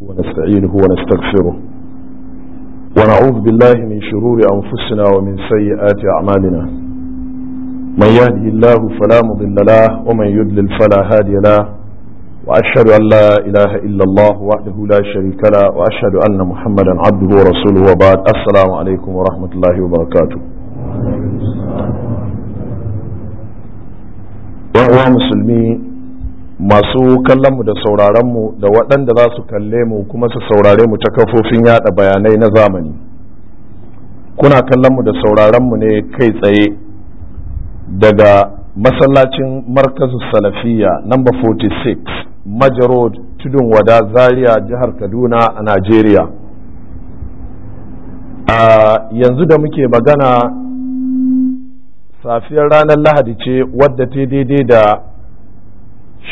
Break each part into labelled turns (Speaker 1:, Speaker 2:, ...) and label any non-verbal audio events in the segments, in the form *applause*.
Speaker 1: ونستعينه ونستغفره ونعوذ بالله من شرور أنفسنا ومن سيئات أعمالنا من يهدي الله فلا مضل له ومن يدلل فلا هادي له وأشهد أن لا إله إلا الله وحده لا شريك له وأشهد أن محمدا عبده ورسوله وبعد السلام عليكم ورحمة الله وبركاته يا مسلمين masu kallon kallonmu da mu da waɗanda za su kalle mu kuma su saurare mu ta kafofin yaɗa bayanai na zamani kuna kallon mu da mu ne kai tsaye daga masallacin markazu salafiya number 46 majarod tudun wada zaria jihar kaduna a najeriya a yanzu da muke magana safiyar ranar lahadi ce wadda ta daidai da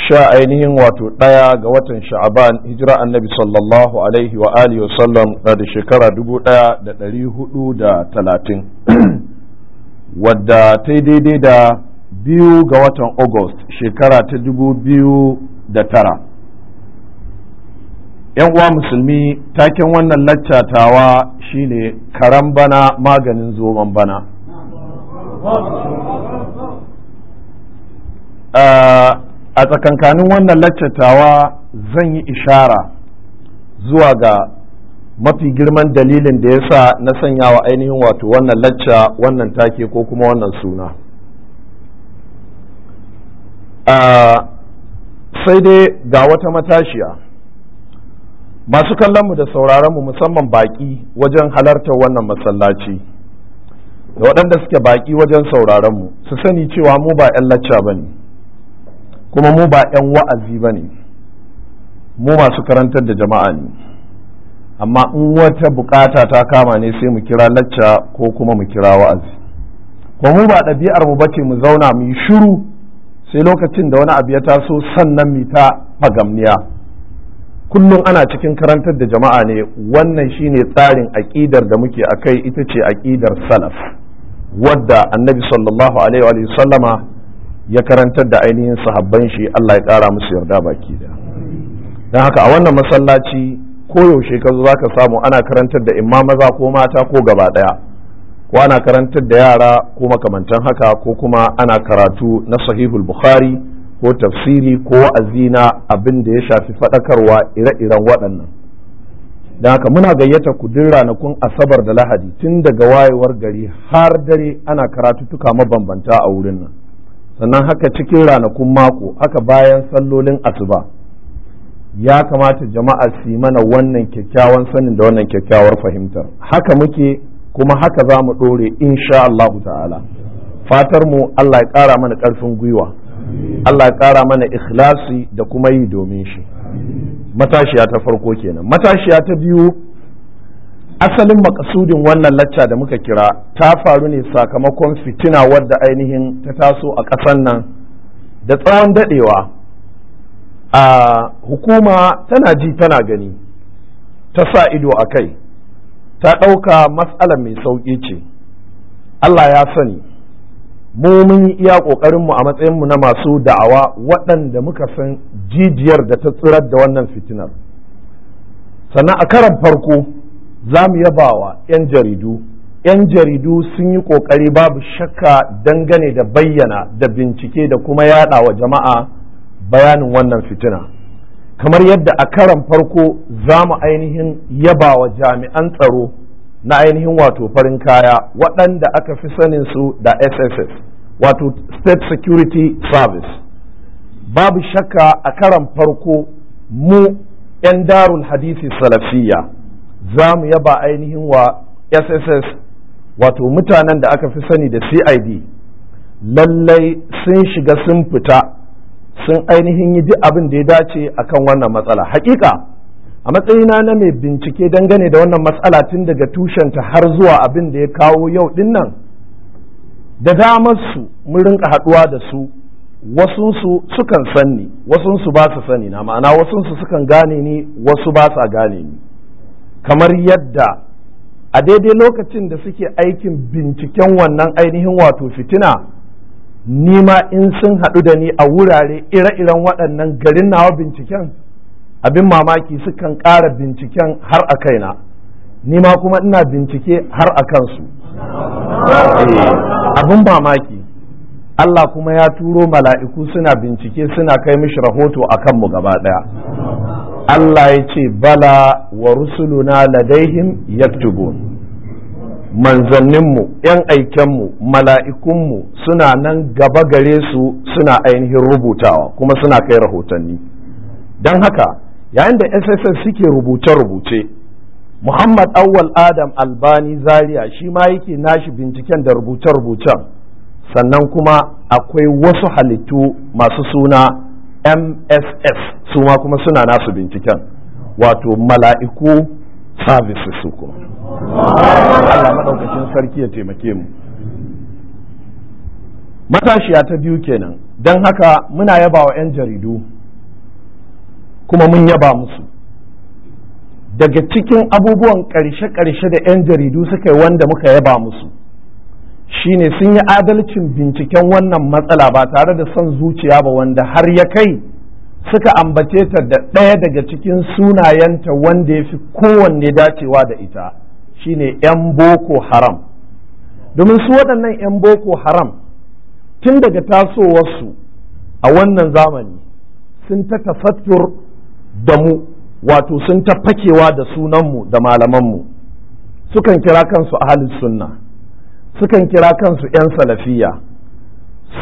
Speaker 1: sha ainihin wato ɗaya ga watan sha'aban hijira annabi sallallahu alaihi wa alihi wa sallam na da shekara dubu ɗaya da ɗari hudu da talatin *clears throat* wadda ta yi daidai da biyu ga watan august shekara ta dubu biyu da tara yan uwa musulmi taken wannan laccatawa shine karan bana maganin zoman bana uh, a tsakankanin wannan laccatawa zan yi ishara zuwa ga mafi girman dalilin da ya sa na sanyawa ainihin wato wannan lacca wannan take ko kuma wannan suna sai dai ga wata matashiya masu kallonmu da sauraronmu musamman baƙi wajen halartar wannan masallaci da waɗanda suke baƙi wajen sauraronmu su sani cewa mu ba 'yan lacca ba ne kuma mu ba 'yan wa'azi ba ne mu masu karantar da jama'a ne amma in wata bukata ta kama ne sai mu kira lacca ko kuma mu kira wa'azi kuma mu ba ɗabi'ar mu bace mu zauna mu yi shiru sai lokacin da wani abu ya taso sannan mu ta fagamniya kullum ana cikin karantar da jama'a ne wannan shine tsarin aƙidar da muke akai ita ce aƙidar salaf wadda annabi sallallahu alaihi wa sallama ya karantar da ainihin sahabban shi Allah ya ƙara musu yarda baki da don haka a wannan masallaci koyaushe ka zo za ka samu ana karantar da imma maza ko mata ko gaba ɗaya ko ana karantar da yara ko makamantan haka ko kuma ana karatu na sahihul bukhari ko tafsiri ko azina abin da ya shafi faɗakarwa ire-iren waɗannan don haka muna gayyata ku duk ranakun asabar da lahadi tun daga wayewar gari har dare ana karatu tuka mabambanta a wurin nan sannan haka cikin ranakun mako haka bayan sallolin asuba ya kamata jama'a su mana wannan kyakkyawan sanin da wannan kyakkyawar fahimtar haka muke kuma haka za mu ɗore insha Allah ta'ala fatar mu Allah ya ƙara mana ƙarfin gwiwa Allah ya ƙara mana ikhlasi da kuma yi domin shi matashiya ta farko kenan matashiya ta biyu asalin makasudin wannan lacca da muka kira ta faru ne sakamakon fitina wadda ainihin ta taso a ƙasan nan da tsawon daɗewa a hukuma tana ji tana gani ta sa ido a kai ta ɗauka matsala mai sauƙi ce Allah ya sani mu mun yi iya ƙoƙarinmu a matsayinmu na masu da'awa waɗanda muka san jijiyar da ta tsirar da wannan fitinar sannan a karan farko za mu wa 'yan jaridu 'yan jaridu sun yi ƙoƙari babu shakka dangane da bayyana da bincike da kuma yada wa jama'a bayanin wannan fitina kamar yadda a karan farko za mu ainihin wa jami'an tsaro na ainihin wato farin kaya waɗanda aka fi sanin su da sss wato state security service babu shakka a karan farko mu 'yan darul hadisi salafiyya za mu yaba ainihin wa sss wato mutanen da aka fi sani da cid lallai sun shiga sun fita sun ainihin yi duk abin da ya dace akan wannan matsala hakika a matsayina na mai bincike dangane da wannan matsala tun daga tushenta har zuwa abin da ya kawo yau din nan da su mun rinka haɗuwa da su wasunsu sukan sanni wasunsu ba su sani na ma'ana wasunsu sukan gane ni wasu ba sa gane ni kamar yadda a daidai lokacin da suke aikin binciken wannan ainihin wato fitina nima in sun haɗu da ni a wurare ire-iren waɗannan garin nawa binciken abin mamaki sukan ƙara binciken har a kaina nima kuma ina bincike har a kansu eh, abin mamaki Allah kuma ya turo mala'iku suna bincike suna kai mishi rahoto a kanmu gaba ɗaya Allah ya ce bala wa rusuluna ladaihim yaktubun manzanninmu ‘yan aikenmu mala'ikunmu suna nan gaba gare su suna ainihin rubutawa kuma suna kai rahotanni don haka yayin da sss suke rubuce-rubuce muhammad awwal adam albani zaria shi ma yake nashi binciken da rubuce-rubucen sannan kuma akwai wasu halittu masu suna mss su ma kuma suna nasu binciken wato mala'iku services su kuma Allah maɗaukacin sarki ya taimake mu matashiya ta biyu kenan don haka muna yaba wa 'yan jaridu kuma mun yaba musu daga cikin abubuwan ƙarshe-ƙarshe da 'yan jaridu suka yi wanda muka yaba musu Shi ne sun yi adalcin binciken wannan matsala ba tare da son zuciya ba wanda har ya kai suka ambace ta da ɗaya daga cikin sunayenta wanda ya fi kowanne dacewa da ita Shi ne 'yan boko haram domin su waɗannan 'yan boko haram tun daga tasowarsu a wannan zamani sun ta tafattur da mu wato sun ta fakewa da sunanmu da malamanmu sukan kira kansu ahalin sunna sukan kira kansu 'yan salafiya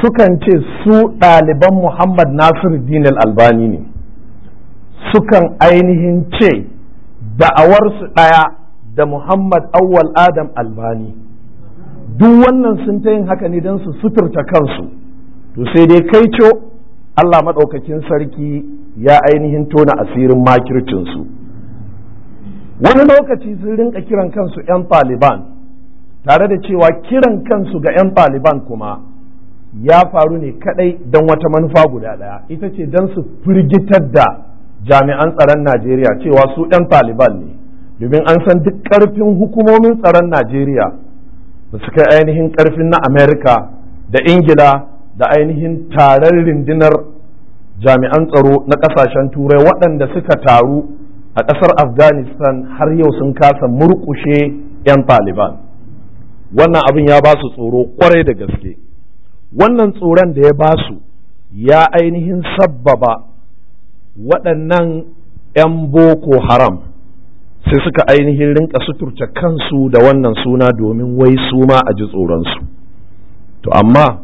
Speaker 1: sukan ce su ɗaliban muhammad nasiru dinil albani ne sukan ainihin ce da'awarsu ɗaya da muhammad awwal adam albani duk wannan sun ta yin haka ne don su suturta kansu to sai dai kai co allah maɗaukakin sarki ya ainihin tona asirin makircinsu wani lokaci sun rinka kiran kansu 'yan taliban tare da cewa kiran kansu ga 'yan ɗaliban kuma ya faru ne kadai don wata manufa guda ɗaya ita ce don su firgitar da jami'an tsaron najeriya cewa su 'yan ɗaliban ne domin an san duk ƙarfin hukumomin tsaron najeriya ba su kai ainihin ƙarfin na amerika da ingila da ainihin taron rindinar jami'an tsaro na ƙasashen turai waɗanda suka taru a ƙasar afghanistan har yau sun kasa murƙushe 'yan taliban wannan abin ya ba su tsoro kwarai da gaske wannan tsoron da ya ba su ya ainihin sabbaba waɗannan 'yan boko haram sai suka ainihin rinka suturta kansu da wannan suna domin wai su ma a ji tsoronsu to amma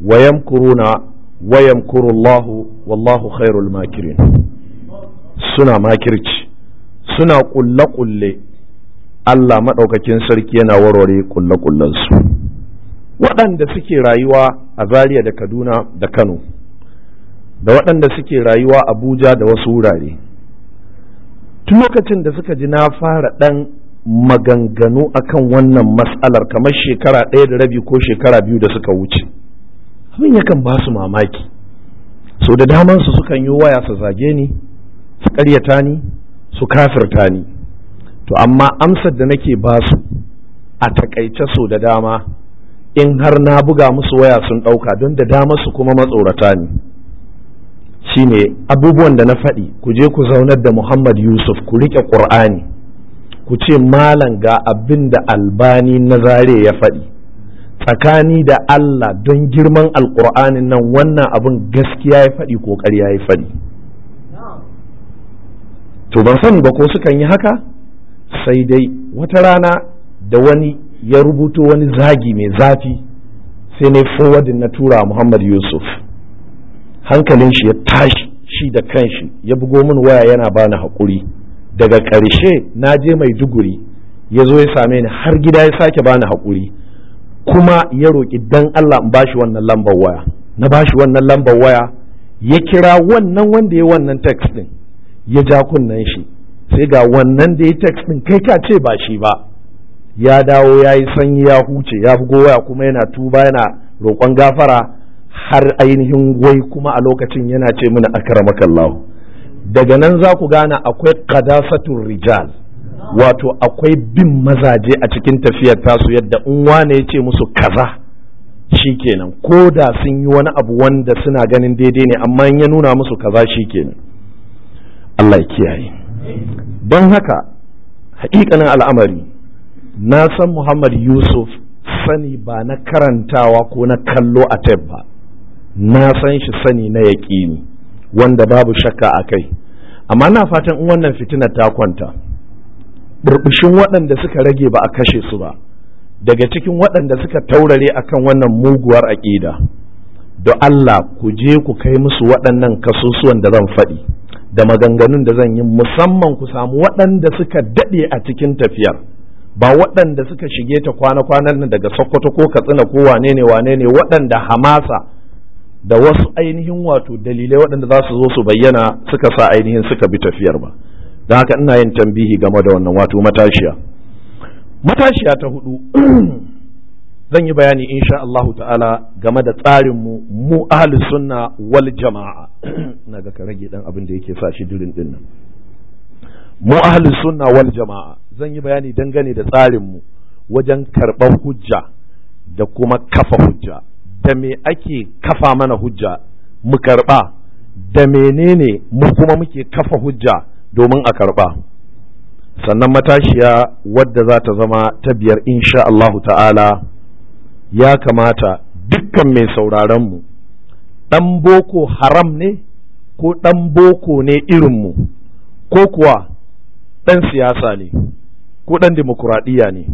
Speaker 1: wayan kuruna wayan kurullahu wallahu khairul makirin suna makirci suna ƙulle-ƙulle Allah maɗaukakin sarki yana warware kulle-kullensu waɗanda suke rayuwa a Zaria da Kaduna da Kano da waɗanda suke rayuwa Abuja da wasu wurare tun lokacin da suka ji na fara ɗan maganganu akan wannan matsalar kamar shekara ɗaya da rabi ko shekara biyu da suka wuce abin yakan ba su mamaki sau da damansu sukan yi waya su zage ni su ƙaryata ni su kafirta ni to amma amsar da nake ba su a takaice su da dama in har na buga musu waya sun ɗauka don da dama su kuma matsorata ne shine abubuwan da na faɗi ku je ku zaunar da muhammad yusuf ku riƙe ƙur'ani ku ce malam ga abin da albani na zare ya faɗi tsakani da Allah don girman alƙur'anin nan wannan abin gaskiya ya faɗi ko ƙarya ya faɗi. To ban sani ba ko sukan yi haka? sai dai wata rana da wani ya rubuto wani zagi mai zafi sai na forwardin na tura muhammad yusuf hankalin shi ya tashi shi da kanshi ya bugo min waya yana bani haƙuri daga ƙarshe na je mai duguri ya zo ya same ni har gida ya sake bani haƙuri kuma ya roƙi dan Allah in bashi wannan lambar waya na bashi wannan lambar waya ya kira wannan wanda ya wannan text din ya ja kunnen shi sai ga wannan da ya text din kai ka ce ba shi ba ya dawo ya yi sanyi ya huce ya fi goya kuma yana tuba yana roƙon gafara har ainihin wai kuma a lokacin yana ce mini akramakallahu daga nan za ku gane akwai qadasatul rijal wato akwai bin mazaje a cikin tafiyar tasu yadda in wane ya ce musu kaza shi kenan, ko da sun yi wani abu wanda suna ganin daidai ne amma in ya nuna musu kaza shikenan Allah ya kiyaye don haka hakikanin al'amari na san muhammad yusuf sani ba na karantawa ko na kallo a tef ba na san shi sani na yaƙini wanda babu shakka a kai amma na fatan in wannan fitina ta kwanta burbushin waɗanda suka rage ba a kashe su ba daga cikin waɗanda suka taurare akan wannan muguwar aƙida da Allah ku je ku kai musu waɗannan kasusuwan da zan faɗi da maganganun da zan yi musamman ku samu waɗanda suka daɗe a cikin tafiyar ba waɗanda suka shige ta kwana-kwanan nan daga sokoto ko katsina ko wane ne wane ne waɗanda hamasa da wasu ainihin wato dalilai waɗanda za su zo su bayyana suka sa ainihin suka bi tafiyar ba don haka ina yin tambihi game da wannan wato matashiya matashiya ta hudu *clears throat* zan yi bayani insha Allahu ta'ala game da tsarin mu mu ahlus sunna wal jama'a *clears throat* na ga ka rage dan abin da yake sa shi dirin din nan mu ahli sunna wal jama'a zan yi bayani dangane da tsarin mu wajen karɓar hujja da kuma kafa hujja da me ake kafa mana hujja mu karɓa da menene mu kuma muke kafa hujja domin a karɓa sannan matashiya wadda za ta zama ta biyar insha Allahu ta'ala ya kamata dukkan mai sauraronmu ɗan boko haram ne ko ɗan boko ne irinmu ko kuwa ɗan siyasa ne ko ɗan demokuraɗiyya ne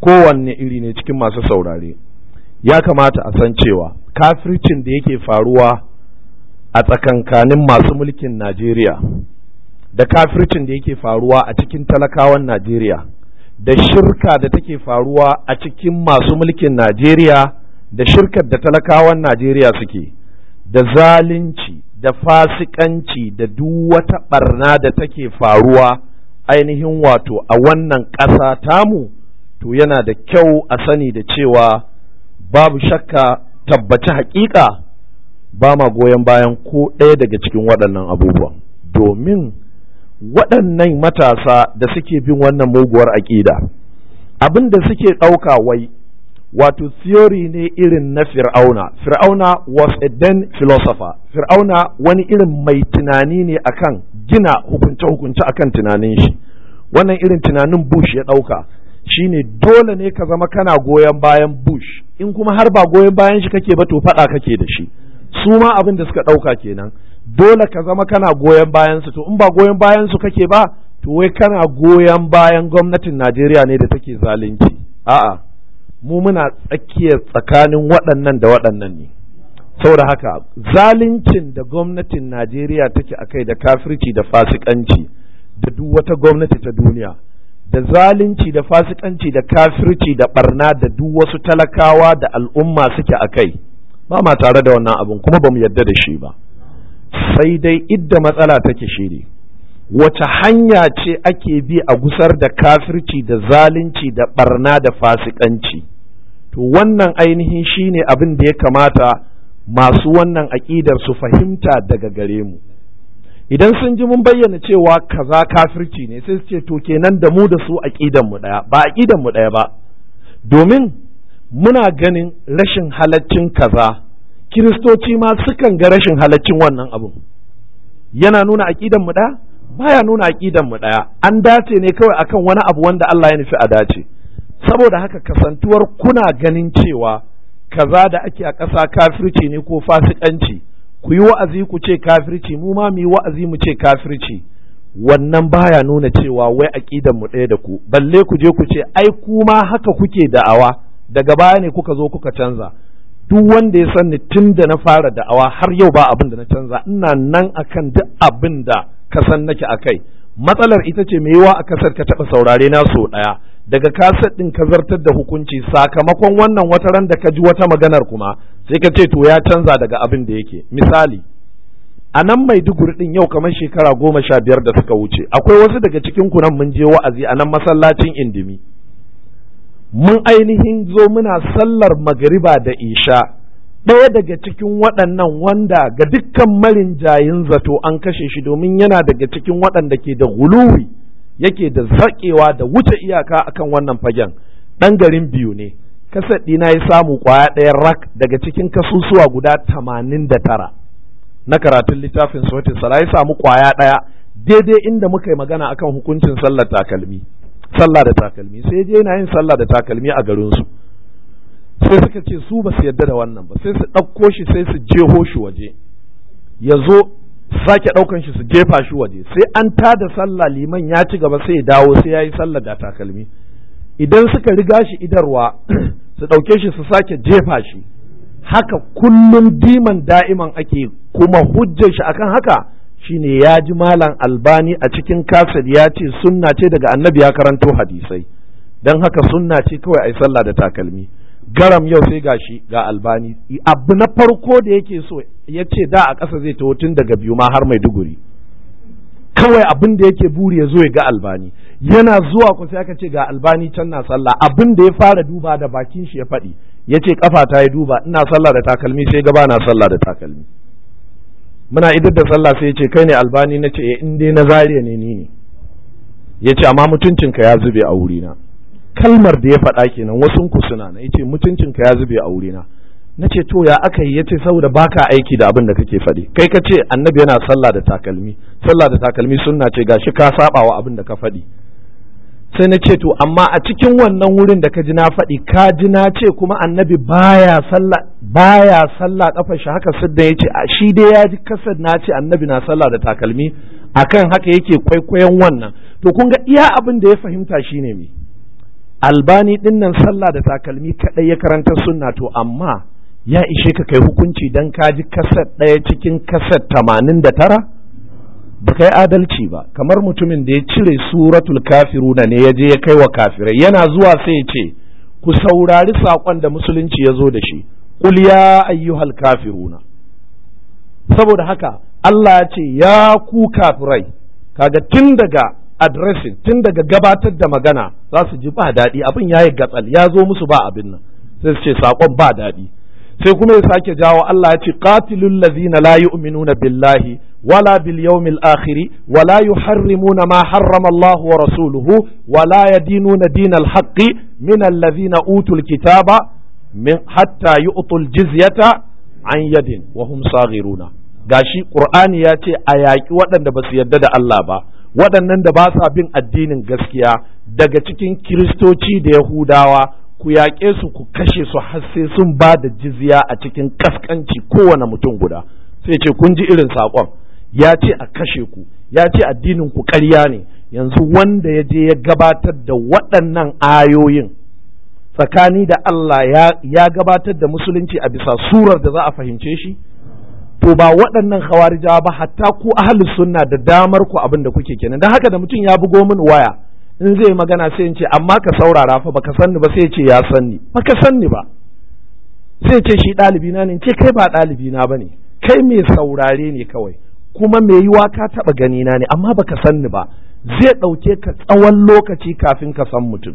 Speaker 1: kowanne iri ne cikin masu saurare ya kamata a san cewa kafircin da yake faruwa a tsakankanin masu mulkin najeriya da kafircin da yake faruwa a cikin talakawan najeriya da shirka da take faruwa a cikin masu mulkin Najeriya da shirkar da talakawan Najeriya suke da zalunci da fasikanci da duk wata barna da take faruwa ainihin wato a wannan ƙasa tamu to yana da kyau a sani da cewa babu shakka tabbaci haƙiƙa ba ma goyon bayan ko ɗaya daga cikin waɗannan abubuwan domin waɗannan matasa da suke bin wannan muguwar aƙida abin da suke ɗauka wai wato theory ne irin na fir'auna fir'auna was a then philosopher fir'auna wani irin mai tunani ne akan gina hukunce-hukunce akan tunanin shi wannan irin tunanin bush ya ɗauka shine dole ne ka zama kana goyon bayan bush in kuma har ba goyon bayan shi kake ba to faɗa kake da shi su ma abin da suka ɗauka kenan dole ka zama kana goyon bayansu. to in ba goyon bayansu su kake ba to wai kana goyon bayan gwamnatin Najeriya ne da take zalunci a'a mu muna tsakiyar tsakanin waɗannan da waɗannan ne saboda haka zaluncin da gwamnatin Najeriya take akai da kafirci da fasikanci da duk wata gwamnati ta duniya da zalunci da fasikanci da kafirci da barna da duk wasu talakawa da al'umma suke akai ba ma tare da wannan abin kuma ba mu yarda da shi ba sai dai idda matsala take shiri wace hanya ce ake bi a gusar da kafirci da zalunci da barna da fasikanci to wannan ainihin shine abin da ya kamata masu wannan aƙidar su fahimta daga gare mu idan sun ji mun bayyana cewa kaza kafirci ne sai su ce to kenan da mu da su aƙidan mu ɗaya ba aƙidan mu ɗaya ba domin muna ganin rashin halaccin kaza kiristoci ma sukan ga rashin halaccin wannan abu. yana nuna aqidan mu ɗaya baya nuna aqidan mu ɗaya an dace ne kawai akan wani abu wanda Allah ya nufi a dace saboda haka kasantuwar kuna ganin cewa kaza da ake a ƙasa kafirci ne ko fasikanci ku yi wa'azi ku ce kafirci mu ma mu yi wa'azi mu ce kafirci wannan baya nuna cewa wai aqidan mu ɗaya da ku balle ku je ku ce ai kuma haka kuke da'awa daga baya ne kuka zo kuka canza duk wanda ya sani tun da na fara da'awa har yau ba abin da na canza ina nan akan duk abin da ka san nake kai. matsalar ita ce me yawa a kasar ka taɓa saurare na so ɗaya daga kasar ɗin ka zartar da hukunci sakamakon wannan wata ran da ka ji wata maganar kuma sai ka ce to ya canza daga abin da yake misali a nan maiduguri ɗin yau kamar shekara goma sha biyar da suka wuce akwai wasu daga cikin nan mun je wa'azi a nan masallacin indimi mun ainihin zo muna sallar magariba da isha ɗaya daga cikin waɗannan wanda ga dukkan marin jayin zato an kashe shi domin yana daga cikin waɗanda ke da guluwi yake da zaƙewa da wuce iyaka akan wannan fagen ɗan garin biyu ne kasar ɗina ya samu ƙwaya ɗaya rak daga cikin kasusuwa guda tamanin da tara na karatun littafin sautin sala ya samu ƙwaya ɗaya daidai inda muka yi magana akan hukuncin sallar takalmi sallah da takalmi sai je yana yin sallah da takalmi a garin su sai suka ce su ba su yarda da wannan ba sai su ɗauko shi sai su jeho shi waje ya zo sake ɗaukan shi su jefa shi waje sai an ta da sallah liman ya ci gaba sai ya dawo sai ya yi sallah da takalmi idan suka riga shi idarwa *clears throat* su ɗauke shi su sake jefa shi haka kullum diman da'iman ake kuma hujjar shi akan haka shine ya ji malam albani a cikin kaset ya ce sunna ce daga annabi ya karanto hadisai don haka sunna ce kawai a yi sallah da takalmi garam yau sai gashi ga albani abu na farko da yake so ya ce da a ƙasa zai taho tun daga biyu ma har mai duguri kawai abin da yake buri ya zo ya ga albani yana zuwa ku sai aka ce ga albani can na sallah abin da ya fara duba da bakin shi ya faɗi ya ce kafa ta ya duba ina sallah da takalmi sai gaba na sallah da takalmi muna idar da sallah sai ya ce kai ne albani na ce eh, in dai na zariya ne ni ne ya ce amma mutuncinka ya zube a wurina kalmar da ya faɗa kenan wasu ku suna na ya ce mutuncinka ya zube a wurina na ce to ya aka yi ya ce saboda baka aiki da abin da kake faɗi kai ka ce annabi yana sallah da takalmi sallah da takalmi sunna ce gashi ka saba wa abin da ka faɗi sai na ce to amma a cikin wannan wurin da ka ji na faɗi ka ji na ce kuma annabi baya sallah baya sallah kafa shi haka sidda ya ce shi dai ya ji kasar na ce annabi na sallah da takalmi akan haka yake kwaikwayon wannan to kun ga iya abin da ya fahimta shine me albani din nan sallah da takalmi kaɗai ya karanta sunna to amma ya ishe ka kai hukunci dan ka ji kasar ɗaya cikin kasar tamanin da tara ba kai adalci ba kamar mutumin da ya cire suratul kafiruna ne ya je ya kai wa kafirai yana zuwa sai ya ce ku saurari saƙon da musulunci ya zo da shi ƙul ya ayyuhal kafiruna saboda haka Allah ya ce ya ku kafirai kaga tun daga addressing tun daga gabatar da magana za su ji ba daɗi abin ya yi gatsal ya zo musu ba abin nan sai su ce saƙon ba daɗi sai kuma ya sake jawo Allah ya ce qatilul ladhina la yu'minuna billahi wala bil yawmil akhir wala yuharrimuna ma harrama Allah wa rasuluhu wala yadinuna dinal haqqi min alladhina utul kitaba min hatta yu'tul jizyata an yadin wa hum saghiruna gashi qur'ani ya ce a yaƙi waɗanda ba su yarda da Allah ba waɗannan da ba sa bin addinin gaskiya daga cikin kiristoci da yahudawa ku yaƙe su ku kashe su har sai sun ba da jizya a cikin kaskanci kowane mutum guda sai ce kun ji irin saƙon ya ce a kashe ku ya ce addinin ku ƙarya ne yanzu wanda ya je ya gabatar da waɗannan ayoyin tsakani da Allah ya, gabatar da musulunci a bisa surar da za a fahimce shi to ba waɗannan khawarijawa ba hatta ku ahlus sunna da damar ku abin da kuke kenan dan haka da mutum ya bugo min waya in zai magana sai in ce amma ka saurara fa baka sanni ba sai ce ya sanni baka sanni ba sai ce shi ɗalibi na ne ce kai ba ɗalibi na bane kai mai saurare ne kawai kuma mai yiwa ka taɓa gani na ne amma baka sanni ba zai ɗauke ka tsawon lokaci kafin ka san mutum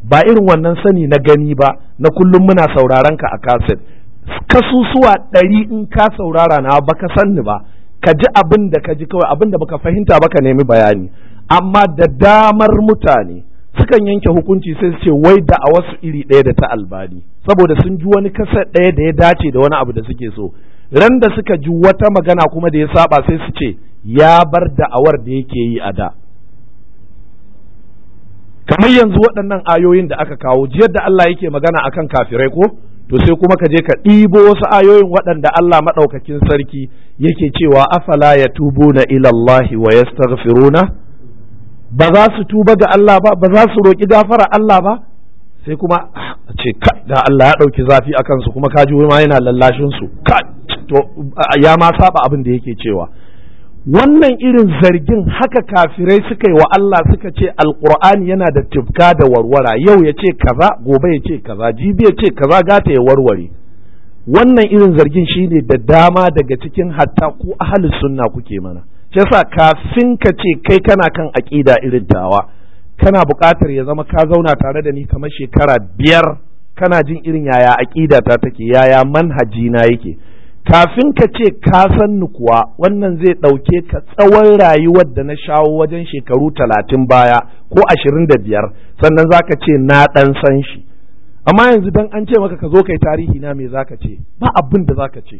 Speaker 1: ba irin wannan sani na gani ba na kullum muna sauraron ka a kaset kasusuwa ɗari in ka saurara na baka sanni ba ka ji abin da ka ji kawai abin da baka fahimta baka nemi bayani amma da damar mutane sukan yanke hukunci sai su ce wai da a wasu iri ɗaya da ta albani saboda sun ji wani kasa ɗaya da ya dace da wani abu da suke so ran da suka ji wata magana kuma da ya saba sai su ce ya bar da awar da yake yi a da kamar yanzu waɗannan ayoyin da aka kawo jiyar da Allah yake magana akan kafirai ko to sai kuma ka je ka ɗibo wasu ayoyin waɗanda Allah maɗaukakin sarki yake cewa afala ya tubo na ilallahi wa yastaghfiruna ba za su tuba ga Allah ba ba za su roƙi gafara Allah ba sai kuma ah, a ce ga Allah ya ɗauki zafi a kansu kuma kaji ma yana lallashin su ya ma saba abin da yake cewa wannan irin zargin haka kafirai suka yi wa Allah suka ce alkur'ani yana da tibka da warwara yau ya ce kaza gobe ya ce kaza jibi ya ce kaza gata ya warware wannan irin zargin shine da dama daga cikin hatta ku ahli sunna kuke mana yasa kafin ka ce kai kana kan aƙida irin tawa kana buƙatar ya zama ka zauna tare da ni kamar shekara biyar kana jin irin yaya aƙida ta take yaya manhaji na yake kafin ka ce ka san ni kuwa wannan zai ɗauke ka tsawon rayuwar da na shawo wajen shekaru talatin baya ko ashirin da biyar sannan za ka ce na ɗan san shi amma yanzu dan an ce maka ka zo kai tarihi na me za ka ce ba abin da za ka ce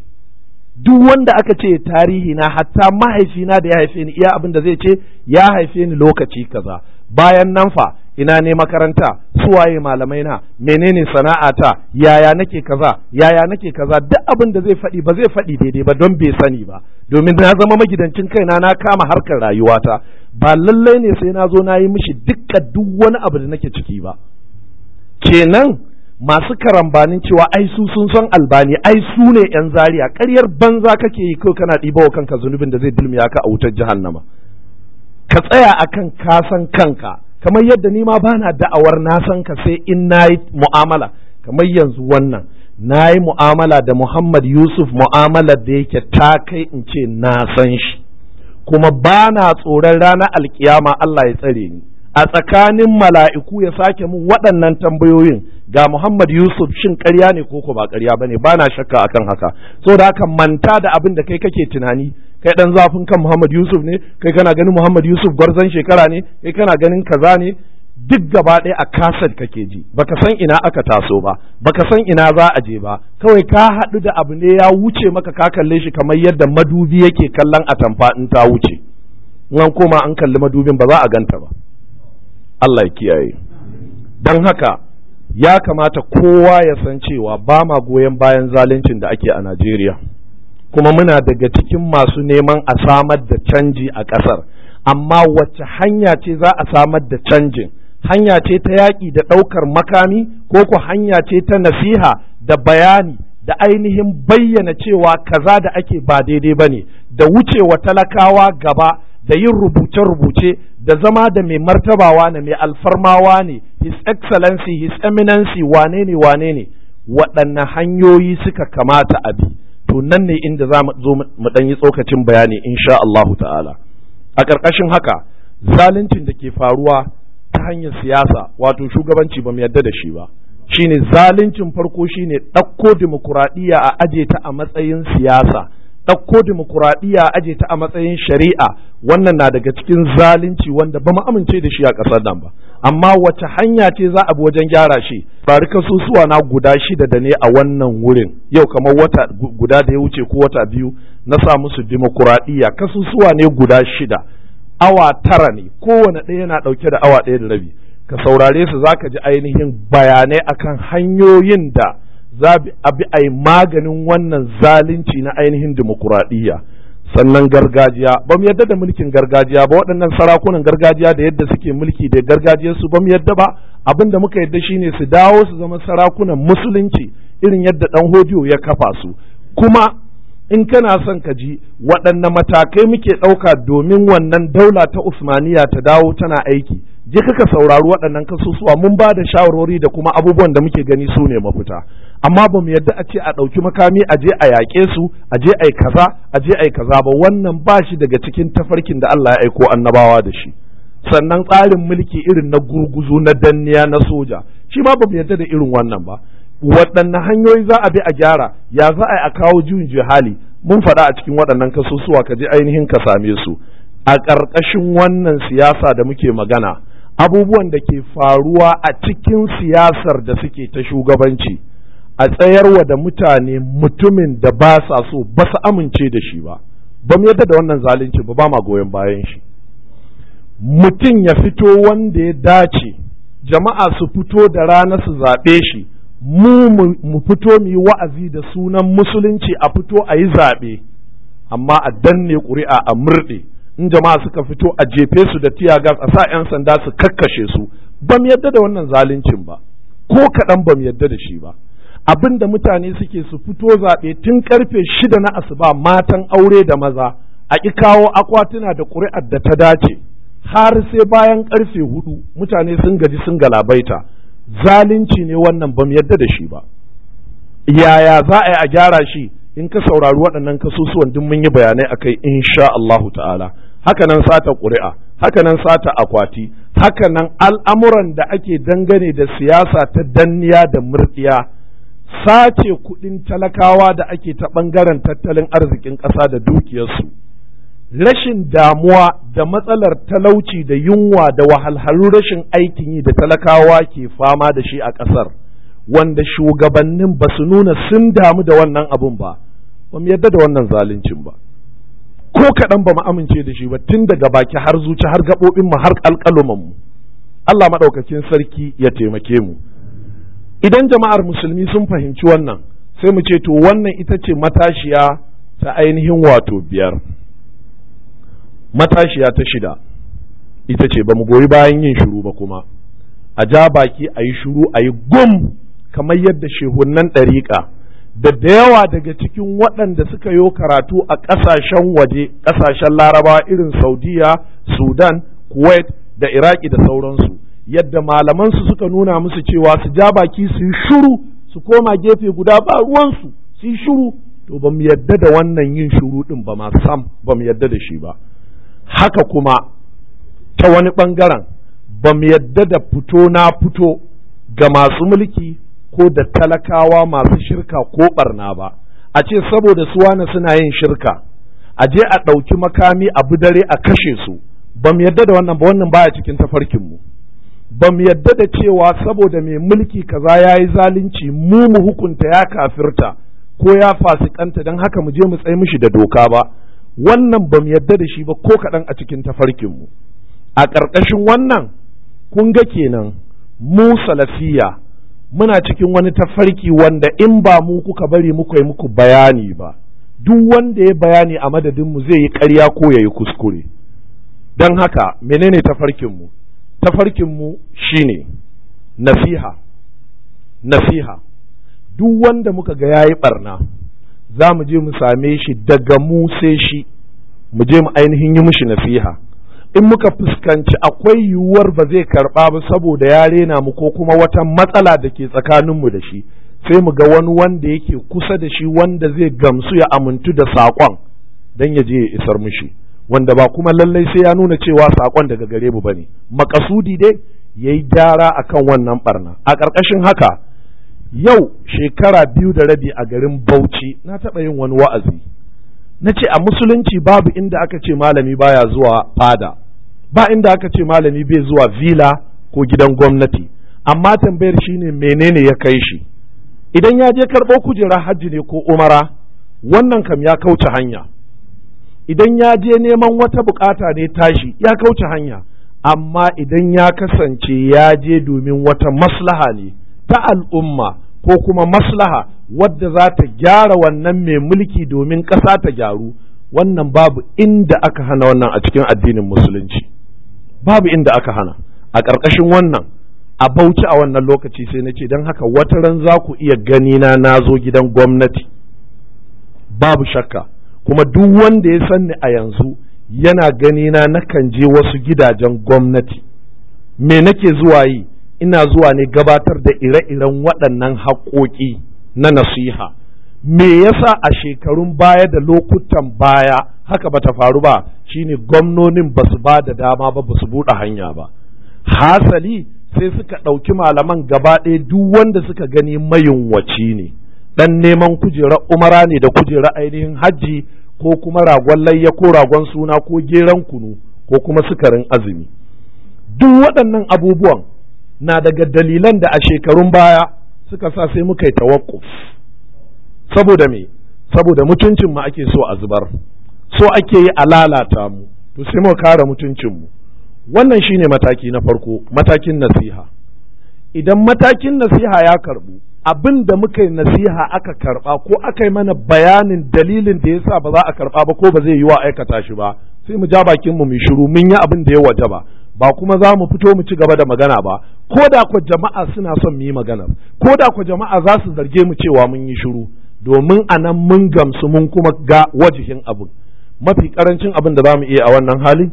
Speaker 1: duk wanda aka ce tarihi na hatta mahaifina da ya haife ni iya abin da zai ce ya haife ni lokaci kaza bayan nan fa ina ne makaranta suwaye malamai na menene sana'ata yaya nake kaza yaya nake kaza duk abin da zai faɗi ba zai faɗi daidai ba don bai sani ba domin na zama magidancin kaina na kama harkar rayuwata ba lallai ne sai na zo na yi mishi dukkan duk wani abu da nake ciki ba kenan masu karambanin cewa ai su sun san albani ai su ne yan zaria ƙaryar banza kake yi ko kana ɗiba wa kanka zunubin da zai dulmiya ka a wutar jahannama ka tsaya akan ka san kanka kamar yadda ni ma bana da'awar na san ka sai in nayi mu'amala kamar yanzu wannan nayi mu'amala da Muhammad Yusuf mu'amalar da yake ta kai in ce na san shi kuma bana tsoron ranar alkiyama Allah ya tsare ni a tsakanin mala'iku ya sake mun waɗannan tambayoyin ga Muhammad Yusuf shin ƙarya ne ko ba ƙarya bane ba na shakka akan haka saboda haka manta da abin da kai kake tunani kai dan zafin kan Muhammad Yusuf ne kai kana ganin Muhammad Yusuf gwarzon shekara ne kai kana ganin kaza ne duk gaba ɗaya a kasar kake ji baka san ina aka taso ba baka san ina za a je ba kawai ka haɗu da abu ne ya wuce maka ka kalle shi kamar yadda madubi yake kallon atamfa in ta wuce nan an koma an kalli madubin ba za a ganta ba Allah ya kiyaye don haka ya kamata kowa ya san cewa ba ma goyon bayan zaluncin da ake a Najeriya kuma muna daga cikin masu neman a samar da canji a ƙasar amma wacce hanya ce za a samar da canjin hanya ce ta yaƙi da ɗaukar makami ko ku hanya ce ta nasiha da bayani da ainihin bayyana cewa kaza da ake ba daidai ba ne da wucewa talakawa gaba da yin rubuce-rubuce da zama da mai martabawa ne mai alfarmawa ne his excellency his eminency wane ne wane ne waɗanne hanyoyi suka kamata a bi to nan ne inda za mu zo mu ɗan yi tsokacin bayani insha Allahu ta'ala a ƙarƙashin haka zaluncin da ke faruwa ta hanyar siyasa wato shugabanci ba mu yarda da shi ba shine zaluncin farko shine ɗauko dimokuraɗiyya a aje ta a matsayin siyasa ɗauko dimokuraɗiyya aje ta a matsayin shari'a wannan na daga cikin zalunci wanda ba mu amince da shi a ƙasar nan ba amma wace hanya ce za a bi wajen gyara shi bari kasusuwa na guda shida da ne a wannan wurin yau kamar wata guda da ya wuce ko wata biyu na sa musu dimokuraɗiyya kasusuwa ne guda shida awa tara ne kowane ɗaya yana ɗauke da awa ɗaya da rabi ka saurare su za ka ji ainihin bayanai akan hanyoyin da za a bi a yi maganin wannan zalunci na ainihin dimokuraɗiyya sannan gargajiya ba mu yadda da mulkin gargajiya ba waɗannan sarakunan gargajiya da yadda suke mulki da gargajiyarsu ba mu yadda ba abin da muka yadda shine su dawo su zama sarakunan musulunci irin yadda ɗan hodiyo ya kafa su kuma in kana son ka ji waɗanne matakai muke ɗauka domin wannan daula ta usmaniya ta dawo tana aiki je kaka saurari waɗannan kasusuwa mun ba da shawarwari da kuma abubuwan da muke gani su ne mafita amma ba mu yadda a ce a ɗauki makami a je a yaƙe su a je a yi kaza a je a yi kaza ba wannan ba shi daga cikin tafarkin da Allah ya aiko annabawa da shi sannan tsarin mulki irin na gurguzu na danniya na soja shi ma ba mu yadda da irin wannan ba waɗanne hanyoyi za a bi a gyara ya za a yi a kawo juyin jihali mun faɗa a cikin waɗannan kasusuwa ka je ainihin ka same su a ƙarƙashin wannan siyasa da muke magana abubuwan da ke faruwa a cikin siyasar da suke ta shugabanci a tsayarwa da mutane mutumin da ba sa so ba su amince da shi ba ba mu yadda da wannan zalunci ba ba ma goyon bayan shi mutum ya fito wanda ya dace jama'a su fito da rana su zaɓe shi mu mu fito mu yi wa'azi da sunan musulunci a fito a yi zaɓe amma a danne ƙuri'a a murɗe in jama'a suka fito a jefe su da tiyaga a sa 'yan sanda su kakkashe su ba mu yadda da wannan zaluncin ba ko kaɗan ba mu yadda da shi ba abin da mutane suke su fito zaɓe tun karfe shida na asuba matan aure da maza a ƙi kawo akwatuna da ƙuri'ar da ta dace har sai bayan karfe hudu mutane sun gaji sun galabaita zalunci ne wannan bam yadda da shi ba yaya za a yi a gyara shi in ka saurari waɗannan kasusuwan duk mun yi bayanai akai insha Allahu ta'ala hakanan sata ƙuri'a hakanan sata akwati hakanan al'amuran da ake dangane da siyasa ta danniya da murɗiya sace kuɗin talakawa da ake ta ɓangaren tattalin arzikin ƙasa da dukiyarsu rashin damuwa da matsalar talauci da yunwa da wahalhalun rashin aikin yi da talakawa ke fama da shi a ƙasar wanda shugabannin ba su nuna sun damu da wannan abun ba ba mu yadda da wannan zaluncin ba ko kaɗan ba mu amince da shi ba tun daga baki har zuci har mu har mu Allah maɗaukakin sarki ya taimake mu idan jama'ar musulmi sun fahimci wannan sai mu ce to wannan ita ce matashiya ta ainihin wato biyar matashiya ta shida ita ce ba mu goyi bayan yin shuru ba kuma a ja baki a yi shuru a yi gum kamar yadda shehunan ɗariƙa da da yawa daga cikin waɗanda suka yi karatu a ƙasashen waje ƙasashen larabawa irin saudiya sudan kuwait da iraki da sauransu yadda malamansu suka nuna musu cewa su ja baki su yi shuru su koma gefe guda ba ruwansu su yi shuru to ba mu yadda da wannan yin shuru ɗin ba ma sam ba mu yadda da shi ba haka kuma ta wani bangaren ba mu yadda da fito na fito ga masu mulki ko da talakawa masu shirka ko barna ba a ce saboda su wane suna yin shirka a je a ɗauki makami a bi dare a kashe su ba mu yadda da wannan ba wannan baya cikin tafarkinmu ba mu yadda da cewa saboda mai mulki kaza ya yi zalunci mu mu hukunta ya kafirta ko ya fasikanta don haka mu je mu tsaye mishi da doka ba wannan ba mu yadda da shi ba ko kaɗan a cikin tafarkinmu a ƙarƙashin wannan kun ga kenan mu salafiya muna cikin wani tafarki wanda in ba mu kuka bari muka yi muku bayani ba duk wanda ya bayani a madadinmu zai yi ƙarya ko ya yi kuskure don haka menene tafarkinmu tafarkinmu shine nasiha nasiha duk wanda muka ga yayi barna za mu je mu same shi daga mu sai shi mu je mu ainihin yi mishi nasiha in muka fuskanci akwai yiwuwar ba zai karɓa ba saboda ya rena mu ko kuma wata matsala da ke tsakaninmu da shi sai mu ga wani wanda yake kusa da shi wanda zai gamsu ya amintu da saƙon don ya je ya isar mushi wanda ba kuma lallai sai ya nuna cewa sakon daga gare mu bane makasudi dai yayi gyara akan wannan barna a ƙarƙashin haka yau shekara biyu da rabi a garin Bauchi na taɓa yin wani wa'azi na ce a musulunci babu inda aka ce malami baya zuwa fada ba inda aka ce malami bai zuwa villa ko gidan gwamnati amma tambayar shine menene ya kai shi idan ya je karɓo kujerar hajji ne ko umara wannan kam ya kauce hanya idan ya je neman wata bukata ne tashi ya kauce hanya amma idan ya kasance ya je domin wata maslaha ne ta al'umma ko kuma maslaha wadda za ta gyara wannan mai mulki domin ƙasa ta gyaru wannan babu inda aka hana wannan a cikin addinin musulunci babu inda aka hana a ƙarƙashin wannan a bauchi a wannan lokaci sai na ce don haka wataran za ku iya ganina na zo gidan gwamnati babu shakka kuma duk wanda ya sanni a yanzu yana ganina nakan je wasu gidajen gwamnati me nake zuwa yi ina zuwa ne gabatar da ire-iren waɗannan haƙoƙi na nasiha me yasa a shekarun baya da lokutan baya haka bata faru ba shine gwamnonin ba su ba da dama ba ba su buɗe hanya ba hasali sai suka ɗauki malaman gaba ɗaya duk wanda suka gani mayunwaci ne ɗan neman kujerar umara ne da kujerar ainihin hajji ko kuma ragon layya ko ragon suna ko geran kunu ko kuma sukarin azumi duk waɗannan abubuwan na daga dalilan da a shekarun baya suka sa sai muka yi tawakkuf saboda me saboda mutuncin mu ake so a zubar so ake yi a lalata mu to sai mu kare mutuncin mu wannan shine mataki na farko matakin nasiha idan matakin nasiha ya karbu abin da muka yi nasiha aka karɓa ko aka yi mana bayanin dalilin da yasa ba za a karba ba ko ba zai yi wa aikata shi ba sai mu ja bakin mu mu shiru mun yi abin da ya waje ba ba kuma za mu fito mu ci gaba da magana ba ko da ku jama'a suna son mu yi magana ko da ku jama'a za su zarge mu cewa mun yi shiru domin a nan mun gamsu mun kuma ga wajihin abin mafi karancin abin da za mu iya a wannan hali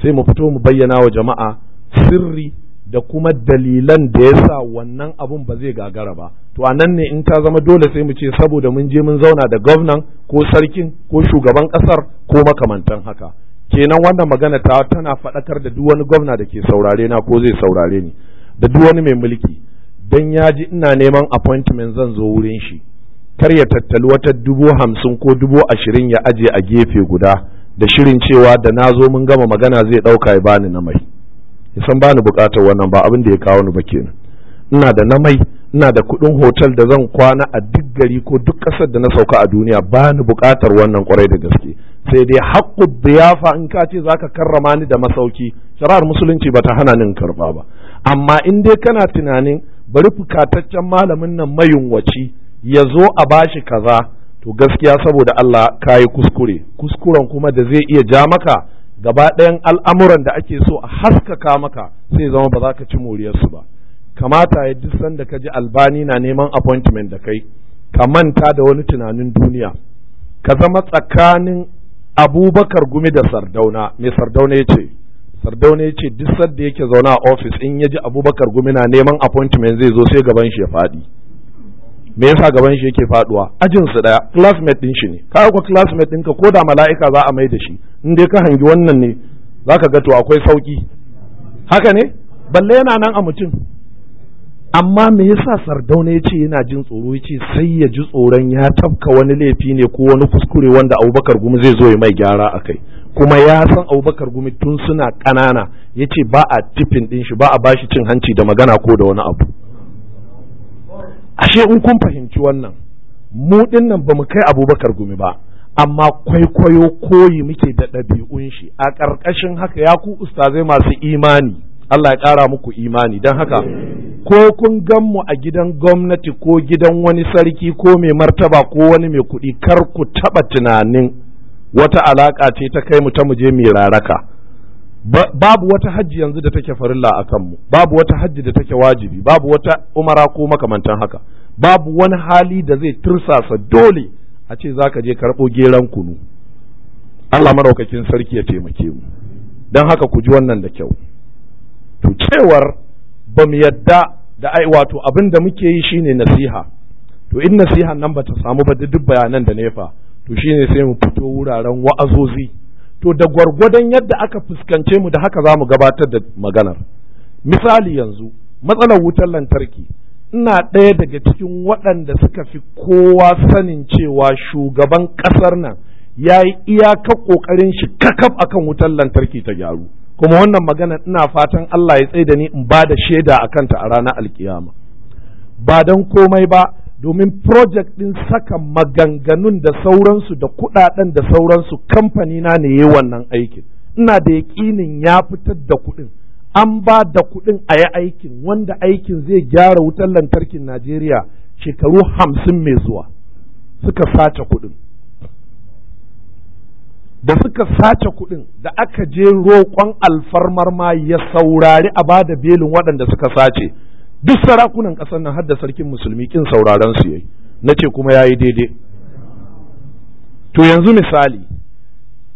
Speaker 1: sai mu fito mu bayyana wa jama'a sirri da kuma dalilan da ya sa wannan abun ba zai gagara ba to anan ne in ta zama dole sai mu ce saboda mun je mun zauna da gwamnan ko sarkin ko shugaban kasar ko makamantan haka kenan wannan magana ta tana faɗakar da duk wani gwamna da ke saurare na ko zai saurare ni da duk wani mai mulki dan ya ji ina neman appointment zan zo wurin shi kar ya tattali wata dubu hamsin ko dubu ashirin ya aje a gefe guda da shirin cewa da na zo mun gama magana zai ɗauka ya bani na mai ya san bani bukatar wannan ba abin da ya kawo ni ba kenan ina da namai ina da kuɗin hotel da zan kwana a duk gari ko duk ƙasar da na sauka a duniya ba ni buƙatar wannan kwarai da gaske sai dai haƙƙu biyafa in ka ce za ka karrama ni da masauki shari'ar musulunci ba ta hana ni karɓa ba amma in dai kana tunanin bari fukataccen malamin nan mayunwaci ya zo a bashi kaza to gaskiya saboda Allah kayi kuskure kuskuren kuma da zai iya ja maka gaba ɗayan al'amuran da ake so a haskaka maka sai zama ba za ka ci moriyarsu ba kamata ya duk sanda ka ji albani na neman appointment da kai ka manta da wani tunanin duniya ka zama tsakanin abubakar gumi da sardauna mai sardauna ya ce sardauna ya ce duk sadda yake zaune a ofis in ya ji abubakar gumi na neman appointment zai zo sai gaban shi ya faɗi me yasa gaban shi yake faɗuwa? Ajinsu ɗaya, daya classmate din shi ne ka ga classmate ɗinka ko da mala'ika za a mai da shi in dai ka hangi wannan ne za ka ga to akwai sauki haka ne balle yana nan a mutum amma me yasa sardauna ya ce yana jin tsoro ya sai ya ji tsoron ya tafka wani laifi ne ko wani kuskure wanda abubakar gumi zai zo ya mai gyara a kai kuma ya san abubakar gumi tun suna ƙanana ya ce ba a tifin ɗin shi ba a bashi cin hanci da magana ko da wani abu ashe in kun fahimci wannan mu ɗin nan ba mu kai abubakar gumi ba amma kwaikwayo koyi muke da ɗabi'un shi a ƙarƙashin haka ya ku ustazai masu imani Allah ya ƙara muku imani don haka ko kun gan mu a gidan gwamnati ko gidan wani sarki ko mai martaba ko wani mai kuɗi kar ku taɓa tunanin wata alaƙa ce ta kai mu ta muje mai raraka babu wata hajji yanzu da take farilla a kanmu babu wata hajji da take wajibi babu wata umara ko makamantan haka babu wani hali da zai tursasa dole a ce za ka je karɓo geran kunu Allah maraukakin sarki ya taimake mu don haka ku ji wannan da kyau to cewar ba mu yadda da ai wato abin da muke yi shine nasiha to in nasiha nan ba ta samu ba duk bayanan da nefa to shine sai mu fito wuraren wa'azozi to da gwargwadon yadda aka fuskance mu da haka za mu gabatar da maganar misali yanzu matsalar wutar lantarki ina ɗaya daga cikin waɗanda suka fi kowa sanin cewa shugaban ƙasar nan ya yi iyaka ƙoƙarin shi kakaf a kan wutar lantarki ta gyaru kuma wannan magana ina fatan Allah ya tsaye da ni in ba da shaida a kanta a ranar alkiyama ba don komai ba domin project ɗin saka maganganun da sauransu da kuɗaɗen da sauransu kamfani na ne ya wannan aikin ina da yaƙinin ya fitar da kuɗin an ba da kuɗin a yi aikin wanda aikin zai gyara wutar lantarkin Najeriya shekaru hamsin mai zuwa suka sace kuɗin. Da suka sace kuɗin da aka je roƙon alfarmar ma ya saurari a ba da belin waɗanda suka sace duk sarakunan ƙasar nan har da sarkin musulmi kin sauraron su yayi na ce kuma ya yi daidai. To yanzu misali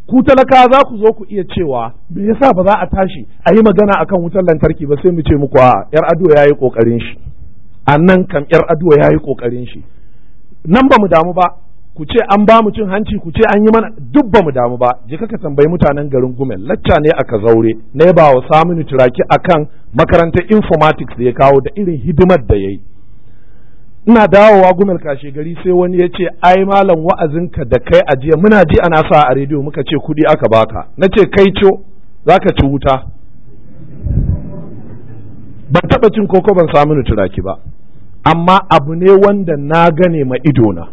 Speaker 1: ku talaka za ku zo ku iya cewa me yasa ba za a tashi a yi magana akan wutar lantarki ba sai mu ce muku a yar ado ya yi kokarin shi a nan kan yar ado ya yi kokarin shi nan ba mu damu ba ku ce an ba mu cin hanci ku ce an yi mana duk ba mu damu ba je ka tambayi mutanen garin gumel lacca ne aka zaure na ba wa saminu turaki akan makarantar informatics da ya kawo da irin hidimar da ya yi ina dawowa gumel kashe gari sai wani ya ce ai malam ka da kai a jiya muna ji ana sa a rediyo muka ce kudi aka baka na ce kai co za ka ci wuta ban taɓa cin koko ban samu turaki ba amma abu ne wanda na gane ma idona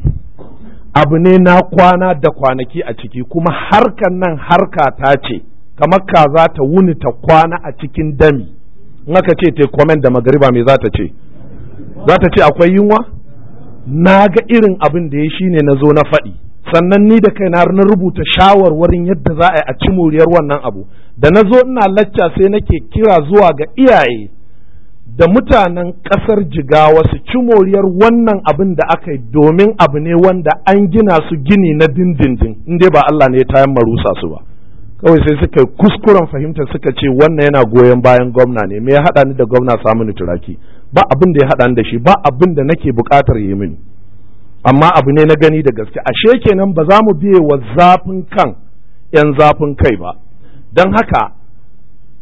Speaker 1: abu ne na kwana da kwanaki a ciki kuma harkan nan harka ta ce kamar kaza ta wuni ta kwana a cikin dami in ce ta da magariba me za ta ce za ta ce akwai yunwa na ga irin abin da ya shi ne na zo na faɗi sannan ni da kai na rubuta shawarwarin yadda za a yi a ci moriyar wannan abu da na zo ina lacca sai nake kira zuwa ga iyaye da mutanen ƙasar jigawa su ci moriyar wannan abin da aka yi domin abu ne wanda an gina su gini na dindindin in dai ba Allah ne ya yamma marusa su ba kawai sai suka kuskuren fahimtar suka ce wannan yana goyon bayan gwamna ne me ya haɗa ni da gwamna samun turaki ba abin da ya haɗa da shi ba abin da nake buƙatar yi mini amma abu ne na gani da gaske ashe kenan ba za mu biye wa zafin kan 'yan zafin kai ba don haka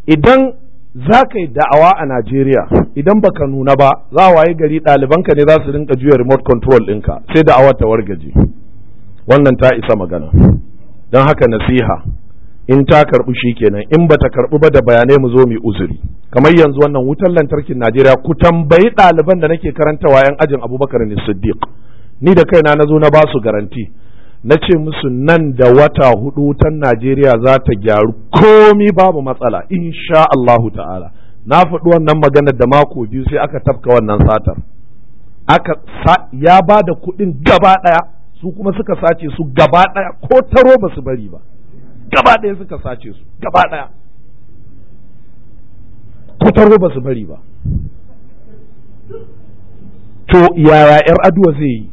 Speaker 1: idan za ka yi da'awa a Najeriya idan baka nuna ba za a waye gari ɗalibanka ne za su rinka juya remote control ɗinka sai da'awar ta wargaje wannan ta isa magana don haka nasiha in ta karɓi shi kenan in bata karɓi ba da bayanai mu zo mu uzuri kamar yanzu wannan wutar lantarkin Najeriya ku tambayi ɗaliban da nake karantawa yan ajin Abubakar ne Siddiq ni da kaina na zo na ba su garanti na ce musu nan da wata hudu wutar Najeriya za ta gyaru komi babu matsala insha Allahu ta'ala na faɗi wannan maganar da mako biyu sai aka tafka wannan satar aka ya ba da kuɗin gaba ɗaya su kuma suka sace su gaba ɗaya ko taro ba su bari ba gaba ɗaya suka sace su gaba ɗaya kutaro ba su bari ba to yaya yar aduwa zai yi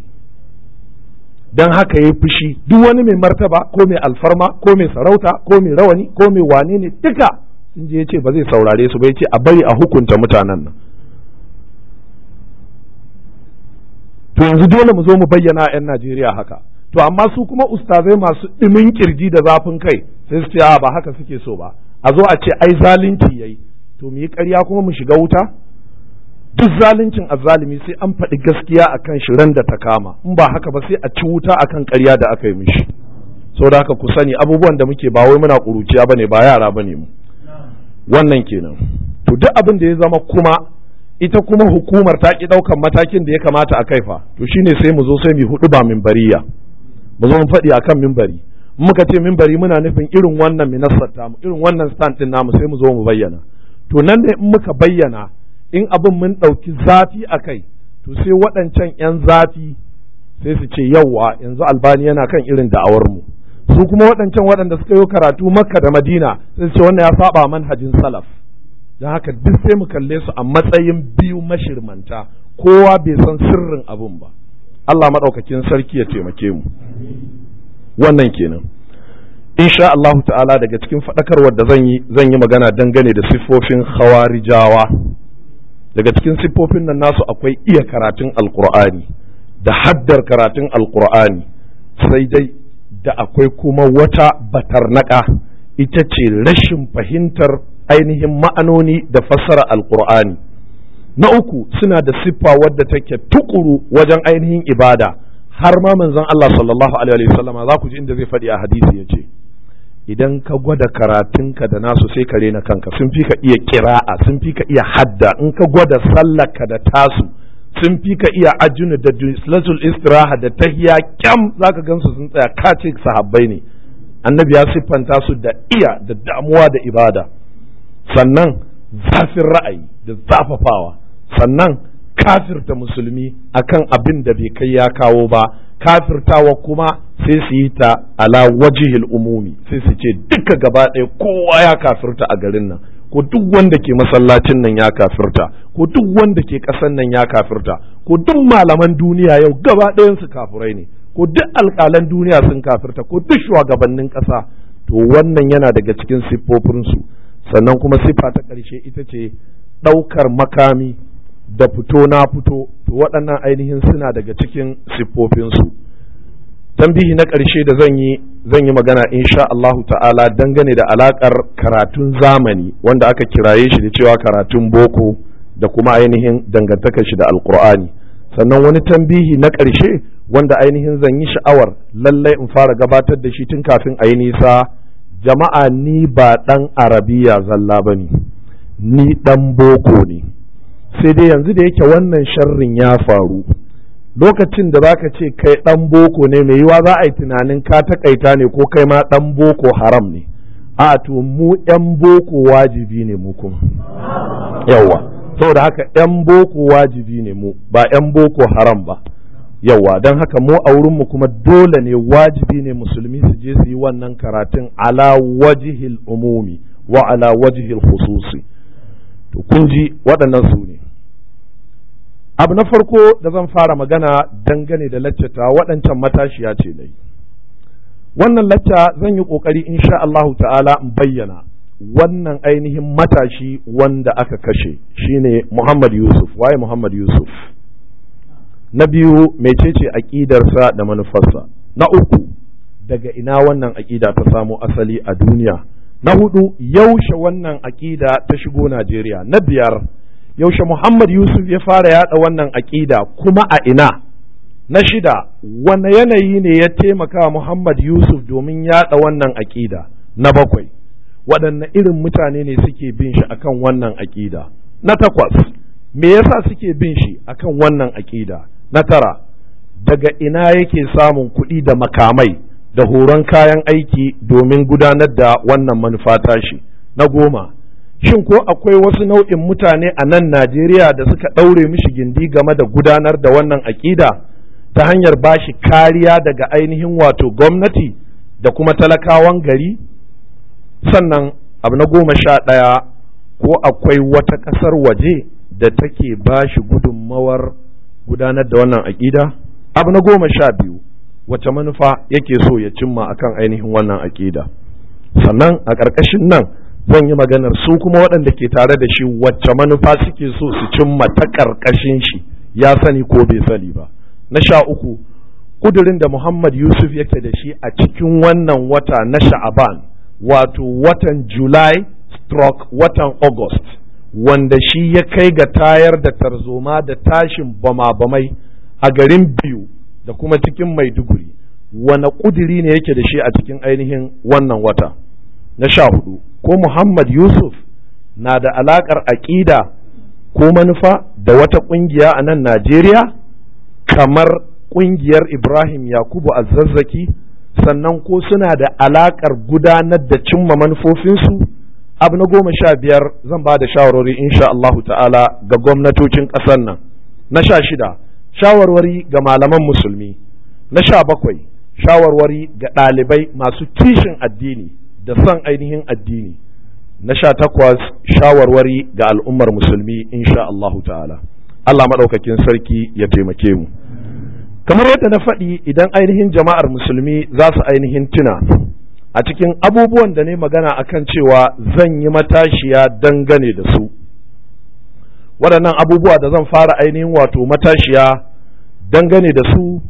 Speaker 1: don haka ya fushi duk wani mai martaba ko mai alfarma ko mai sarauta ko mai rawani ko mai wane ne duka sun je ya ce ba zai saurare su ba ya ce a bari a hukunta mutanen nan to yanzu dole mu zo mu bayyana 'yan najeriya haka to amma su kuma ustazai masu ɗimin kirji da zafin kai sai su ce a ba haka suke so ba a zo a ce ai zalunci yayi to mu yi ƙarya kuma mu shiga wuta duk zaluncin azzalumi sai an faɗi gaskiya akan shi ran da ta kama in ba haka ba sai a ci wuta akan ƙarya da aka yi mishi saboda haka ku sani abubuwan da muke ba wai muna ƙuruciya bane ba yara bane mu wannan kenan to duk abin da ya zama kuma ita kuma hukumar ta ki ɗaukar matakin da ya kamata a kaifa to shine sai mu zo sai mu huɗu ba min bariya mu zo mu faɗi kan mimbari muka ce mimbari muna nufin irin wannan minassar tamu irin wannan stand din namu sai mu zo mu bayyana to nan ne in muka bayyana in abin mun ɗauki zafi a kai to sai waɗancan 'yan zafi sai su ce yawwa yanzu albani yana kan irin da'awar mu su kuma waɗancan waɗanda suka yi karatu makka da madina sai su ce wannan ya saba manhajin salaf don haka duk sai mu kalle su a matsayin biyu mashirmanta kowa bai san sirrin abin ba Allah maɗaukakin sarki ya taimake mu wannan kenan insha Allah ta'ala daga cikin faɗakarwar da zan yi zan yi magana dangane da siffofin Khawarijawa, daga cikin siffofin nan nasu akwai iya karatun alkur'ani da haddar karatun alkur'ani sai dai da akwai kuma wata batarnaka ita ce rashin fahimtar ainihin ma'anoni da fassara alkur'ani na uku suna da siffa wadda take tukuru wajen ainihin ibada har ma manzon Allah sallallahu alaihi wa wasallama za ku ji inda zai faɗi a hadisi ya ce idan ka gwada karatun ka da nasu sai ka rena kanka sun fi ka iya kira'a sun fi ka iya hadda in ka gwada sallaka da tasu sun fi ka iya ajuna da duslatul istiraha da tahiya kyam zaka gansu sun tsaya kace sahabbai ne annabi ya siffanta su da iya da damuwa da ibada sannan zafin ra'ayi da zafafawa sannan kafirta musulmi akan abin da bai kai ya kawo ba kafirtawa kuma sai su yi ta ala wajihil umumi sai su ce duka gaba ɗaya kowa ya kafirta a garin nan ko duk wanda ke masallacin nan ya kafirta ko duk wanda ke kasan nan ya kafirta ko duk malaman duniya yau gaba ɗayan su kafirai ne ko duk alƙalan duniya sun kafirta ko duk shugabannin ƙasa to wannan yana daga cikin siffofinsu sannan kuma siffa ta ƙarshe ita ce ɗaukar makami da fito na fito to waɗannan ainihin suna daga cikin siffofinsu tambihi na ƙarshe da zan yi zan yi magana insha Allahu ta'ala dangane da alaƙar karatun zamani wanda aka kiraye shi da cewa karatun boko da kuma ainihin dangantakar shi da alkur'ani sannan wani tambihi na ƙarshe wanda ainihin zan yi sha'awar lallai in fara gabatar da shi tun kafin a yi nisa jama'a ni ba ɗan arabiya zalla ba ni ɗan boko ne sai dai yanzu da yake wannan sharrin ya faru lokacin da zaka ce kai ɗan boko ne mai yiwa za a yi tunanin ka takaita ne ko kai ma ɗan boko haram ne a to mu yan boko wajibi ne mu kuma yawa saboda haka yan boko wajibi ne mu ba yan boko haram ba yawa don haka mu a wurinmu kuma dole ne wajibi ne musulmi su je su yi wannan karatun ala wajihil umumi wa ala wajihil khususi to kun ji waɗannan su ne abu na farko da zan fara magana dangane da laccata waɗancan matashiya ce na yi wannan lacca zan yi ƙoƙari in sha Allahu ta'ala in bayyana wannan ainihin matashi wanda aka kashe shine Muhammad Yusuf waye Muhammad Yusuf na biyu mecece aƙidarsa da manufarsa na uku daga ina wannan aƙida ta samo asali a duniya na hudu yaushe wannan aƙida ta shigo Najeriya na biyar yaushe Muhammad Yusuf ya fara yaɗa wannan aƙida kuma a ina na shida wane yanayi ne ya taimaka Muhammad Yusuf domin yaɗa wannan aƙida na bakwai waɗanne irin mutane ne suke bin shi akan wannan aƙida na takwas me yasa suke bin shi akan wannan aƙida na tara daga ina yake samun kuɗi da makamai da horon kayan aiki domin gudanar da wannan manufa tashi na goma shin ko akwai wasu nau'in mutane a nan Najeriya da suka ɗaure mishi gindi game da gudanar da wannan aƙida ta hanyar ba shi kariya daga ainihin wato gwamnati da kuma talakawan gari sannan abu na goma sha ɗaya ko akwai wata ƙasar waje da take ba shi gudunmawar gudanar da wannan aƙida abu na goma sha biyu wace manufa yake so ya cimma akan ainihin wannan aƙida sannan a ƙarƙashin nan zan yi maganar su kuma waɗanda ke tare da shi wacce manufa suke so su cimma ta ƙarƙashin shi ya sani ko bai sani ba na sha uku ƙudurin da muhammad yusuf yake da shi a cikin wannan wata na sha'aban wato watan july stroke watan august wanda shi ya kai ga tayar da tarzoma da tashin bama-bamai a garin biyu da kuma cikin maiduguri wane ƙuduri ne yake da shi a cikin ainihin wannan wata na sha hudu ko muhammad yusuf na da alakar aƙida ko manufa da wata ƙungiya a nan najeriya kamar ƙungiyar ibrahim yakubu azzazzaki sannan ko suna da alakar gudanar da cimma manufofinsu abu na goma sha biyar zan ba da shawarwari insha Allah ta'ala ga gwamnatocin ƙasar nan na sha shida shawarwari ga malaman musulmi na sha bakwai shawarwari ga ɗalibai masu tishin addini da son ainihin addini na sha takwas shawarwari ga al'ummar musulmi insha Allahu ta'ala Allah maɗaukakin sarki ya taimake mu kamar yadda na faɗi idan ainihin jama'ar musulmi za su ainihin tuna a cikin abubuwan da ne magana akan cewa zan yi matashiya dangane da su waɗannan abubuwa da zan fara ainihin wato matashiya dangane da su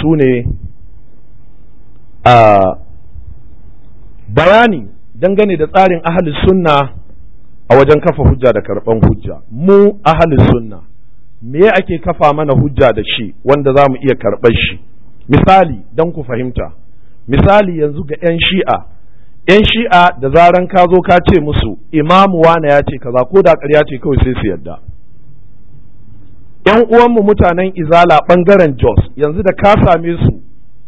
Speaker 1: su ne a bayani dangane da tsarin ahalin sunna a wajen kafa hujja da karɓan hujja mu ahalin sunna me ake kafa mana hujja da shi wanda za mu iya karɓar shi misali don ku fahimta misali yanzu ga 'yan shi'a 'yan shi'a da zaran ka zo ka ce musu imamu wane ya ce kaza ko da ƙarya ce kawai sai su yadda 'yan uwanmu mutanen izala ɓangaren jos yanzu da ka same su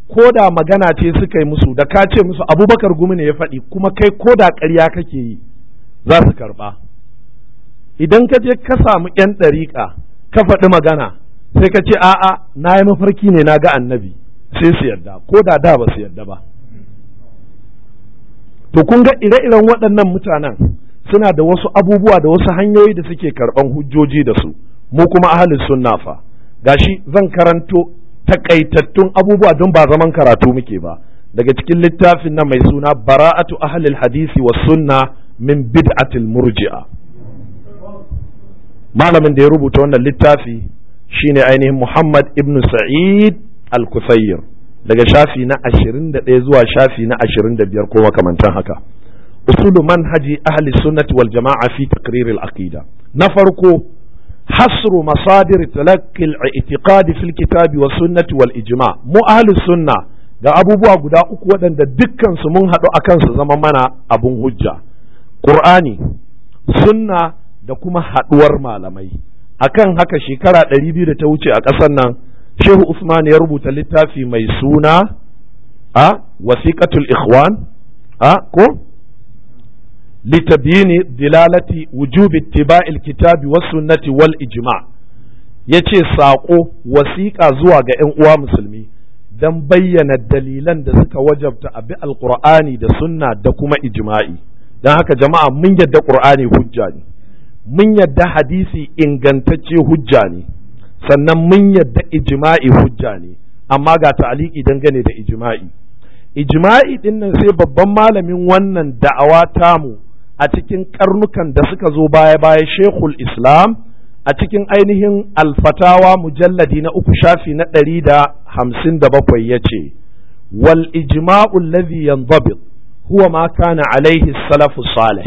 Speaker 1: ko da magana ce suka yi musu da ka ce musu abubakar gumi ne ya faɗi kuma kai ko da ƙarya kake yi za su karɓa idan ka je ka samu ‘yan ɗariƙa ka faɗi magana sai ka ce a'a na yi mafarki ne na ga annabi sai su yarda ko da da ba su yarda ba to kun ga ire-iren waɗannan mutanen suna da wasu abubuwa da wasu hanyoyi da suke karɓan hujjoji da su mu kuma ahalin sunna fa gashi zan karanto takaitattun abubuwa don ba zaman karatu muke ba daga cikin littafin nan mai suna bara'atu ahlil hadisi wa sunna min bid'atil murji'a malamin da ya rubuta wannan littafi shine ainihin Muhammad ibn Sa'id al-Kusayr daga shafi na 21 zuwa shafi na 25 ko makamantan haka usulu manhaji ahli sunnati wal jama'a fi taqrir al-aqida na farko hasru masadir talakil al-i'tiqad fil kitabi was sunnati wal ijma mu sunna ga abubuwa guda uku waɗanda dukkansu mun haɗu a su zama mana abun hujja ƙur'ani sunna da kuma haɗuwar malamai akan haka shekara ɗari biyu da ta wuce a ƙasar nan shehu usman ya rubuta littafi mai suna a wasiƙatul ikhwan a ko litabyini dilalati wujubi ittiba'il kitabi was sunnati wal ijma yace saƙo wasiƙa zuwa ga 'yan uwa musulmi don bayyana dalilan da suka wajabta a bi alqur'ani da sunna da kuma ijima'i. don haka jama'a mun yadda Kur'ani hujja ne mun yadda hadisi ingantacce hujja ne sannan mun yadda ijma'i hujja ne amma ga ta'aliki dangane da ijima'i. Ijima'i din nan sai babban malamin wannan da'awa tamu a cikin karnukan da suka zo baya baya shekul islam a cikin ainihin alfatawa mujalladi na uku shafi na ɗari da hamsin da bakwai ya ce wal ijma'ul alladhi yanzabit huwa ma kana alaihi salafu salih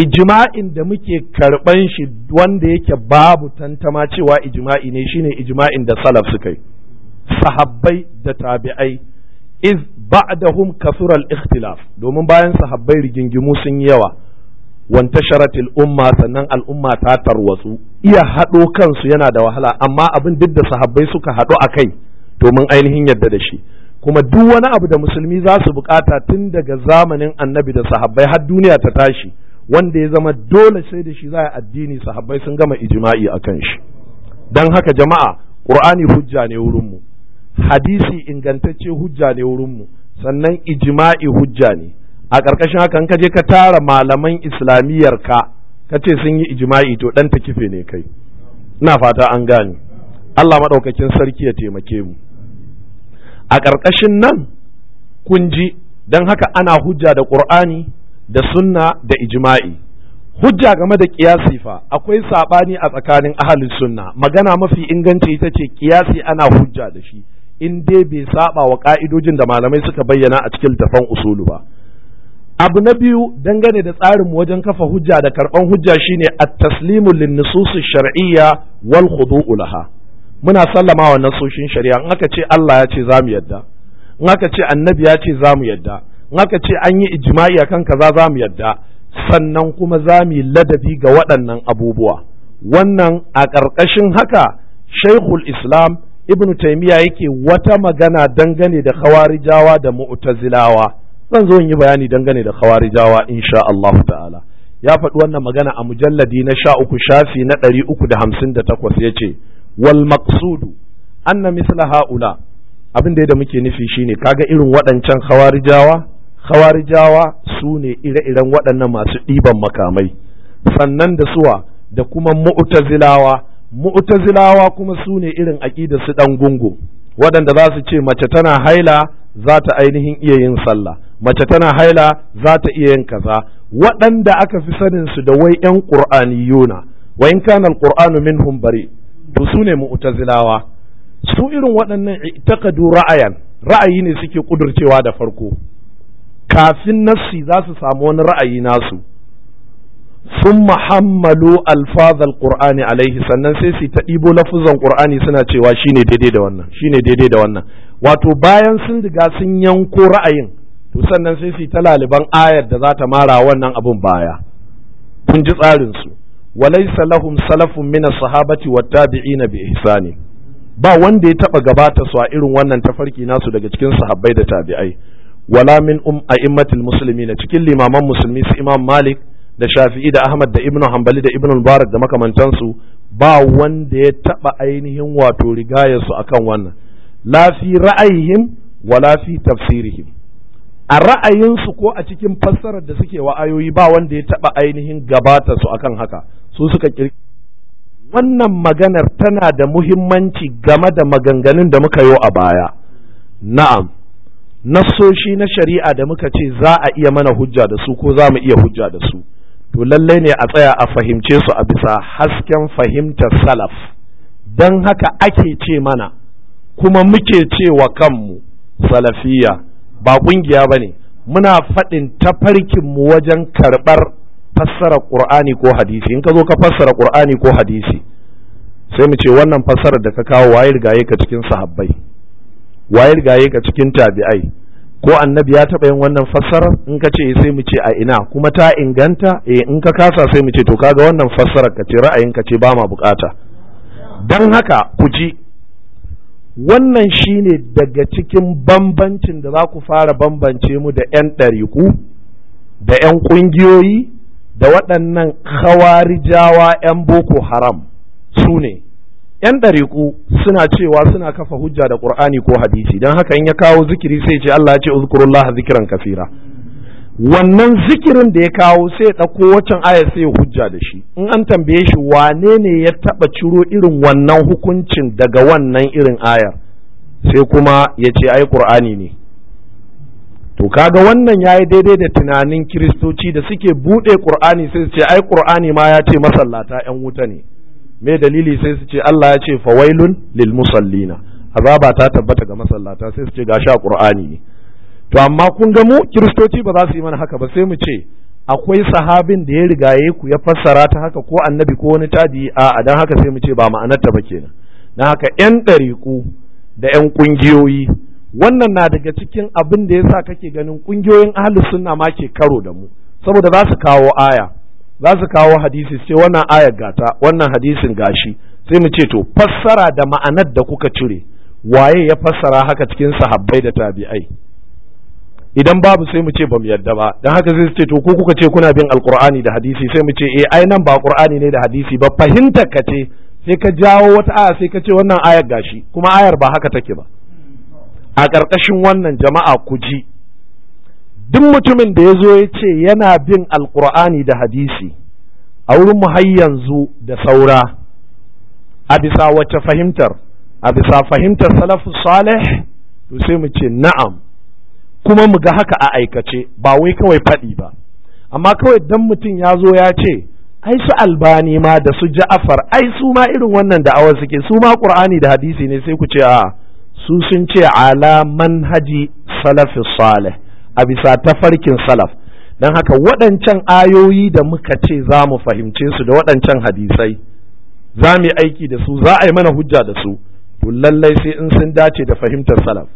Speaker 1: ijma'in da muke karɓan shi wanda yake babu tantama cewa ijma'i ne shine ijma'in da salaf suka yi sahabbai da tabi'ai iz ba'dahum kathura al-ikhtilaf domin bayan sahabbai rigingimu sun yi yawa sharatil umma sannan al'umma ta tarwatsu iya haɗo kansu yana da wahala amma abin duk da sahabbai suka haɗu a kai to mun ainihin yadda da shi kuma duk wani abu da musulmi za su bukata tun daga zamanin annabi da sahabbai har duniya ta tashi wanda ya zama dole sai da shi za a addini sahabbai sun gama ijma'i akan shi dan haka jama'a qur'ani hujja ne wurin mu hadisi ingantacce hujja ne wurinmu sannan ijma'i hujja ne a ƙarƙashin hakan in ka je ka tara malaman islamiyyar ka ka ce sun yi ijma'i to ɗan ta kife ne kai ina fata an gane Allah maɗaukakin sarki ya taimake mu a ƙarƙashin nan kun ji don haka ana hujja da ƙur'ani da sunna da ijma'i hujja game da ƙiyasi fa akwai saɓani a tsakanin ahalin sunna magana mafi inganci ita ce ƙiyasi ana hujja da shi in dai bai saba wa ka'idojin da malamai suka bayyana a cikin tafan usulu ba abu na biyu dangane da tsarin wajen kafa hujja da karban hujja shine at-taslimu lin nusus shar'iyya wal khudu'u laha muna sallama wa nasoshin shari'a in aka ce Allah ya ce zamu yadda in aka ce annabi ya ce zamu yadda in aka ce an yi ijma'i akan kaza zamu yadda sannan kuma zamu ladabi ga waɗannan abubuwa wannan a ƙarƙashin haka Shaikhul Islam ibn taimiya yake wata magana dangane da khawarijawa da mu'tazilawa zan zo in yi bayani dangane da khawarijawa insha Allah ta'ala ya faɗi wannan magana a mujalladi na sha uku shafi na ɗari uku da hamsin da takwas ya ce wal maqsudu anna misla ha'ula abin da muke nufi shine kaga irin waɗancan khawarijawa khawarijawa su ne ire-iren waɗannan masu ɗiban makamai sannan da suwa da kuma mu'tazilawa mu'tazilawa kuma su ne irin aƙida su ɗan gungu waɗanda za su ce mace tana haila za ta ainihin iya yin sallah mace tana haila za ta iya yin kaza waɗanda aka fi sanin su da wai ƴan yona, wa in kana alqur'anu minhum bari to su ne mu'tazilawa su irin waɗannan i'taqadu ra'ayan ra'ayi ne suke kudurcewa da farko kafin nassi za su samu wani ra'ayi nasu sun mahammalu alfazal qur'ani alaihi sannan sai su ta ɗibo lafuzan qur'ani suna cewa shine daidai da wannan shine daidai da wannan wato bayan sun riga sun yanko ra'ayin to sannan sai su ta laliban ayar da za ta mara wannan abun baya kun ji tsarin su walaysa lahum salafun min as-sahabati wat-tabi'ina bi ihsani ba wanda ya taba gabata su a irin wannan tafarki nasu daga cikin sahabbai da tabi'ai wala min um a'immatil muslimin cikin limaman musulmi su imam malik da shafi'i da ahmad da ibnu hanbali da ibnu mubarak da makamantansu ba wanda ya taba ainihin wato rigayarsu akan wannan la ra'ayihim wa la tafsirihim a ra'ayinsu ko a cikin fassarar da suke wa'ayoyi ba wanda ya taba ainihin gabata su akan haka su suka kirki wannan maganar tana da muhimmanci game da maganganun da muka yi a baya na'am nassoshi na shari'a da muka ce za a iya mana hujja da su ko za mu iya hujja da su to lallai ne a tsaya a fahimce su a bisa hasken fahimtar salaf don haka ake ce mana kuma muke ce wa kanmu salafiya ba ƙungiya ba ne muna faɗin tafarkinmu wajen karɓar fassara ƙur'ani ko hadisi in ka zo ka fassara ƙur'ani ko hadisi sai mu ce wannan fassarar da ka kawo waye rigaye ka cikin sahabbai waye rigaye ka cikin tabi'ai ko annabi ya taɓa yin wannan fassara in ka ce sai mu ce a ina kuma ta inganta eh in ka kasa sai mu ce to kaga wannan fassara ka ce ra'ayinka ce ba ma bukata don haka ku ji wannan shine daga cikin bambancin da za ku fara bambance mu da 'yan ɗariku da 'yan ƙungiyoyi da waɗannan khawarijawa 'yan boko haram su ne 'yan ɗariƙu suna cewa suna kafa hujja da ƙur'ani ko hadisi don haka in ya kawo zikiri sai ce Allah ya ce uzkurullah zikiran kafira wannan zikirin da ya kawo sai ya ɗauko waccan ayar sai ya hujja da shi in an tambaye shi wane ne ya taɓa ciro irin wannan hukuncin daga wannan irin ayar sai kuma ya ce ai ƙur'ani ne to kaga wannan ya yi daidai da tunanin kiristoci da suke buɗe ƙur'ani sai su ce ai ƙur'ani ma ya ce masallata 'yan wuta ne me dalili sai su ce Allah ya ce fawailun lil musallina azaba ta tabbata ga masallata sai su ce gashi a qur'ani ne to amma kun ga mu kiristoci ba za su yi mana haka ba sai mu ce akwai sahabin da ya rigaye ku ya fassara ta haka ko annabi ko wani tabi a dan haka sai mu ce ba ta ba kenan dan haka yan ɗariku da yan kungiyoyi wannan na daga cikin abin da yasa kake ganin kungiyoyin ahlus sunna ma ke karo da mu saboda za su kawo aya za su kawo hadisi sai wannan ayar gata wannan hadisin gashi sai mu ce to fassara da ma'anar da kuka cire waye ya fassara haka cikin sahabbai da tabi'ai idan babu sai mu ce bamu yarda ba dan haka sai su ce to ko kuka ce kuna bin alqur'ani da hadisi sai mu ce eh ai nan ba qur'ani ne da hadisi ba fahimta ka ce sai ka jawo wata aya sai ka ce wannan ayar gashi kuma ayar ba haka take ba a ƙarƙashin wannan jama'a ku ji duk mutumin da ya zo ya ce yana bin alkur'ani da hadisi a wurin mu har yanzu da saura a bisa wace fahimtar a bisa fahimtar salafu salih to sai mu ce na'am kuma mu ga haka a aikace ba wai kawai faɗi ba amma kawai dan mutum ya zo ya ce ai su albani ma da su ja'afar ai su ma irin wannan da'awar suke su ma qur'ani da hadisi ne sai ku ce a su sun ce ala manhaji salafi salih a bisa tafarkin salaf don haka waɗancan ayoyi da muka ce za mu fahimce su da waɗancan hadisai za mu yi aiki da su za a yi mana hujja da su to lallai sai in sun dace da fahimtar salaf